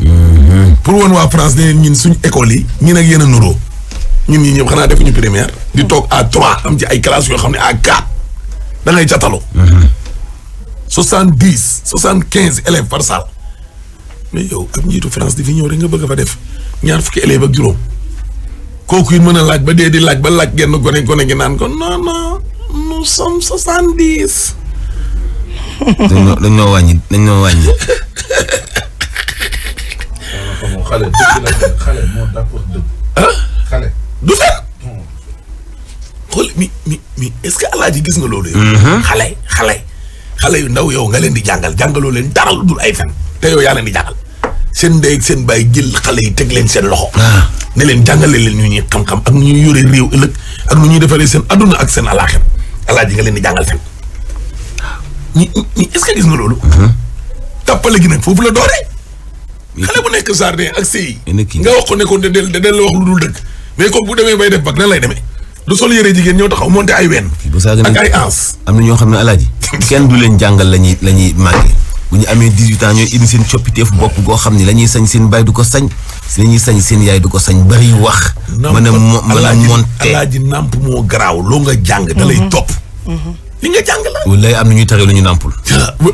pour woon waa France ne ñun suñ école yi ñun ak yéen a nuroo ñun ñi ñëpp xanaa ñu première di toog à trois am ci ay classes yoo xam ne à quatre da ngay catalo soixante dix soixante quinze élèves par salle mais yow ab njiitu France di fi ñëw rek nga bëgg fa def ñaar fukki élèves ak juróom kooku yi mën a laaj ba dee di laaj ba laaj genn gone gone gi naan ko non non nous sommes soixante-dix. dañ ñoo wàññi dañ ñoo wàññi. xale xale du fen. xool mi mi mi est-ce que gis nga loolu yow. Mm-hmm. xale xale xale yu ndaw yow nga leen di jàngal jàngaloo leen dara lu dul ay fen te yow yaa leen di jàngal. seen ndey ak seen bàyyi jël xale yi teg leen seen loxo. Ah. ne leen jàngale leen ñu ñuy xam-xam ak nu ñuy yore réew ëllëg ak nu ñuy defaree seen adduna ak seen alaaxir alaaji nga leen di jàngal seen. ñi ñi est-ce que gis nga loolu. Mhm. tàppale gi nag foofu la dooree. xale bu nekk jardin ak sëy nga wax ko ne ko de del de del la wax lu dul dëgg. mais kooku bu demee bay def bag nan lay demee. lu sol yére jigéen ñoo taxaw monte ay wen. ak ay ans. am na ñoo xam ne alaaji kenn du leen jàngal lañuy lañuy màggee bu ñu amee 18 ans ñooy indi seen coppiteef bopp goo xam ne la sañ seen baay du ko sañ la ñuy sañ seen yaay du ko sañ bari wax. mën a mën a monté alaaji nàmp moo garaaw loo nga jàng. da lay mhm. topp. Mhm. li nga jàng la. walaay am na ñuy tare lu ñu nàmpul.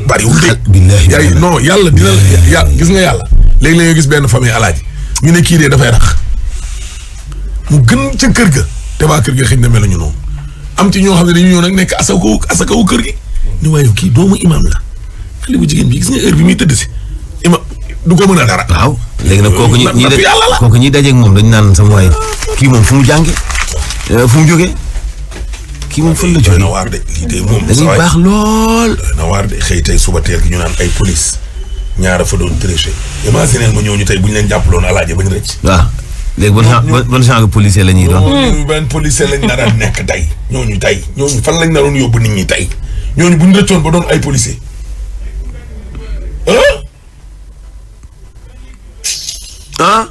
bariwul de. billahi yaay non yàlla dina la gis nga yàlla. léegi la gis benn famille alaaji ñu ne kii de dafay rax mu gën ca kër ga te waa kër ga xëy na mel na ñu noonu am ci ñoo xam ne dañu ñëw nag nekk asakawu asakawu kër gi. ni kii doomu imaam la. xale bu jigéen bi gis nga heure si ima du ko mën a dara. waaw léegi nag kooku ñi ñi kooku ñi dajeeg moom dañu naan sama waay moom fu mu jànge euh, fu mu jógee kii moom fan la jógee na waar de lii de moom dañuy baax na xëy tey suba gi ñu naan ay police ñaara fa doon triché. imaginer ma ñooñu tey bu ñu leen jàppaloon alaaje bañ rëcc. waaw léegi ban genre ban genre policier la ñuy doon. ban policier lañ nar a nekk tey. ñooñu tey ñooñu fan lañ naroon yóbbu nit ñi tey ñooñu bu ñu rëccoon ba doon ay policier ah.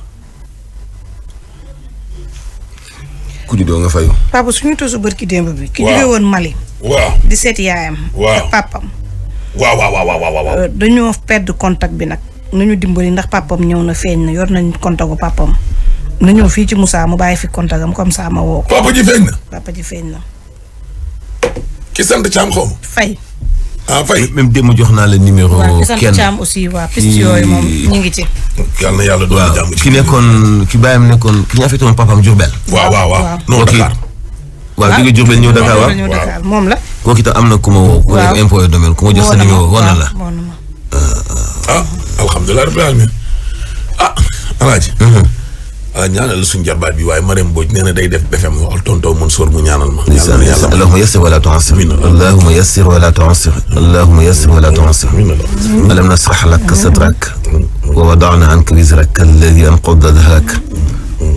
ku juddoo nga fayu. papa suñu tosu bërki démb bi. ki jóge woon Mali. waaw di seet yaayam. waaw waaw waaw waaw waaw euh, dañoo perdre contact bi nag. nañu dimbali ndax papam ñëw na feeñ na yor nañ contact papam na ñëw fii ci Moussa mu bàyyi fi contact am comme ça ma woo ko. papa ji feeñ na. papa ji feeñ na. ki sant Thiam xaw ma. ah Faye même démb jox naa la numéro. kenn aussi waa piste yooyu moom ñu ngi ci. yal na ci ki nekkoon ki baayam nekkoon ki nga fekk woon papaam Diourbel. waaw waaw waaw non Dakar. waaw jóge Diourbel ñëw Dakar waaw moom la. kooku itam am na ku ma woo. ku ma nekk impôt domaine ku ma jox sa numéro woon na la. Ah, ah alhamdulilah rabbil alamin ah, Euh, ñaanal suñu jarbaat bi waaye Marème Mbodj nee na day def BFM waxal tonton Mansour mu ñaanal ma allahumma yassir wala tu'assir allahumma yassir wala tu'assir allahumma yassir wala tu'assir alam nashrah laka sadrak wa wada'na anka wizrak alladhi anqadha dhahrak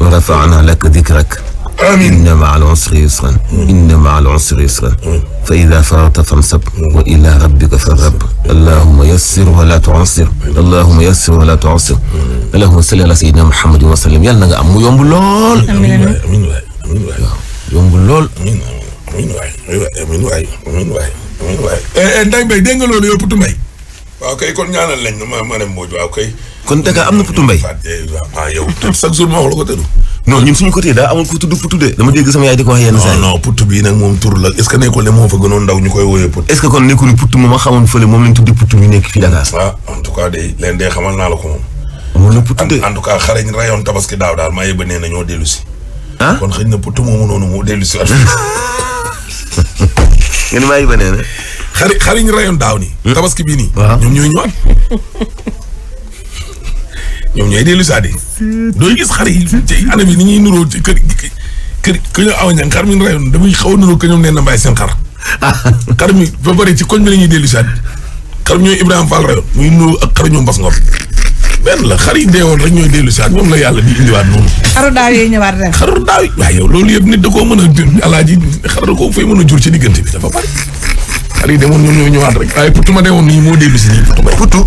wa rafa'na laka dhikrak amiin inna ma'al usri yusran inna ma'al usri yusran fa idha faragta fansab wa ila rabbika farghab allahumma yassir wa la tu'assir allahumma yassir wa la tu'assir allahumma salli ala sayyidina muhammadin wa sallim yàlla na nga am mu yomb lool amiin waaw yomb lool amiin waay amiin waay dégg nga loolu yow Putu Mbay waaw kay kon ñaanal lañ ma ma dem Mbodj waaw kay kon Dakar am na Poutou Mbaye. Eh, waaw yow chaque jour ma wax la ko tëdd. non ñun suñu côté daa amul ku tudd Poutou de dama dégg sama yaay di ko wax yenn saa yi. non non Poutou bii nag moom tur la est moo fa gënoon ndaw a ah, de ko moom. moom ba na ñoo dellu ah? noonu moo dellu si waat. ngeen daaw ni hmm? tabaski bii nii ñoom ñooy ñëwaat ñoom ñooy dellu saa de dooy gis xar yi ci anam yi ni ñuy nuróo ci kër kër ku ñu aw ñan xar mi rayoon damay a nuróo que ñoom nee na ba pare ci koñ bi la ñuy dellu saa xar mi ñoom Bas Ngor benn la xar yi deewoon rek ñooy dellu saa moom la yàlla di indiwaat noonu. xaru daaw yi ñëwaat ren. xaru daaw yi waaye yow loolu yëpp nit da mën a jur alaaji xar da koo a jur ci diggante bi dafa bari xar yi demoon ñoom ñoo ñëwaat rek waaye putu ma deewoon nii moo dellu si nii putu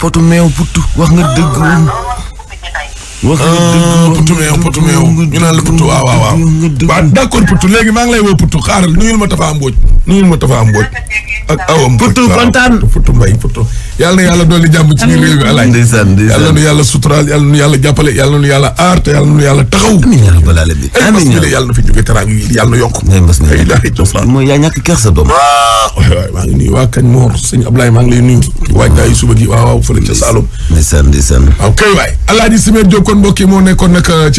potu meew puttu wax nga dëgg Ah, putu meew putu meew ñu naan la putu waaw waaw waaw waaw d'accord putu léegi maa ngi lay woo putu xaaral nuyul ma Tafa Mbodj nuyul ma Tafa Mbodj ak awa Mbodj putu kontaan putu mbay putu yàlla na yàlla dolli jàmm ci biir réew mi alaaj yàlla nu yàlla suturaal yàlla nu yàlla jàppale yàlla nu yàlla aar te yàlla nu yàlla taxaw amiin yaa rabbal aalamiin amiin yaa rabbal yàlla na fi jóge teraanga yi yàlla na yokk mooy yaa ñàkk kersa doom waay ah, maa ngi nuyu waa kañ moor sëñ Ablaye maa ngi lay nuyu waajtaayu suba gi waaw waaw fële ca Saloum ndeysaan ndeysaan waaw kay waay alaaji Simet Diop kon mbokk yi moo nekkoon nag euh,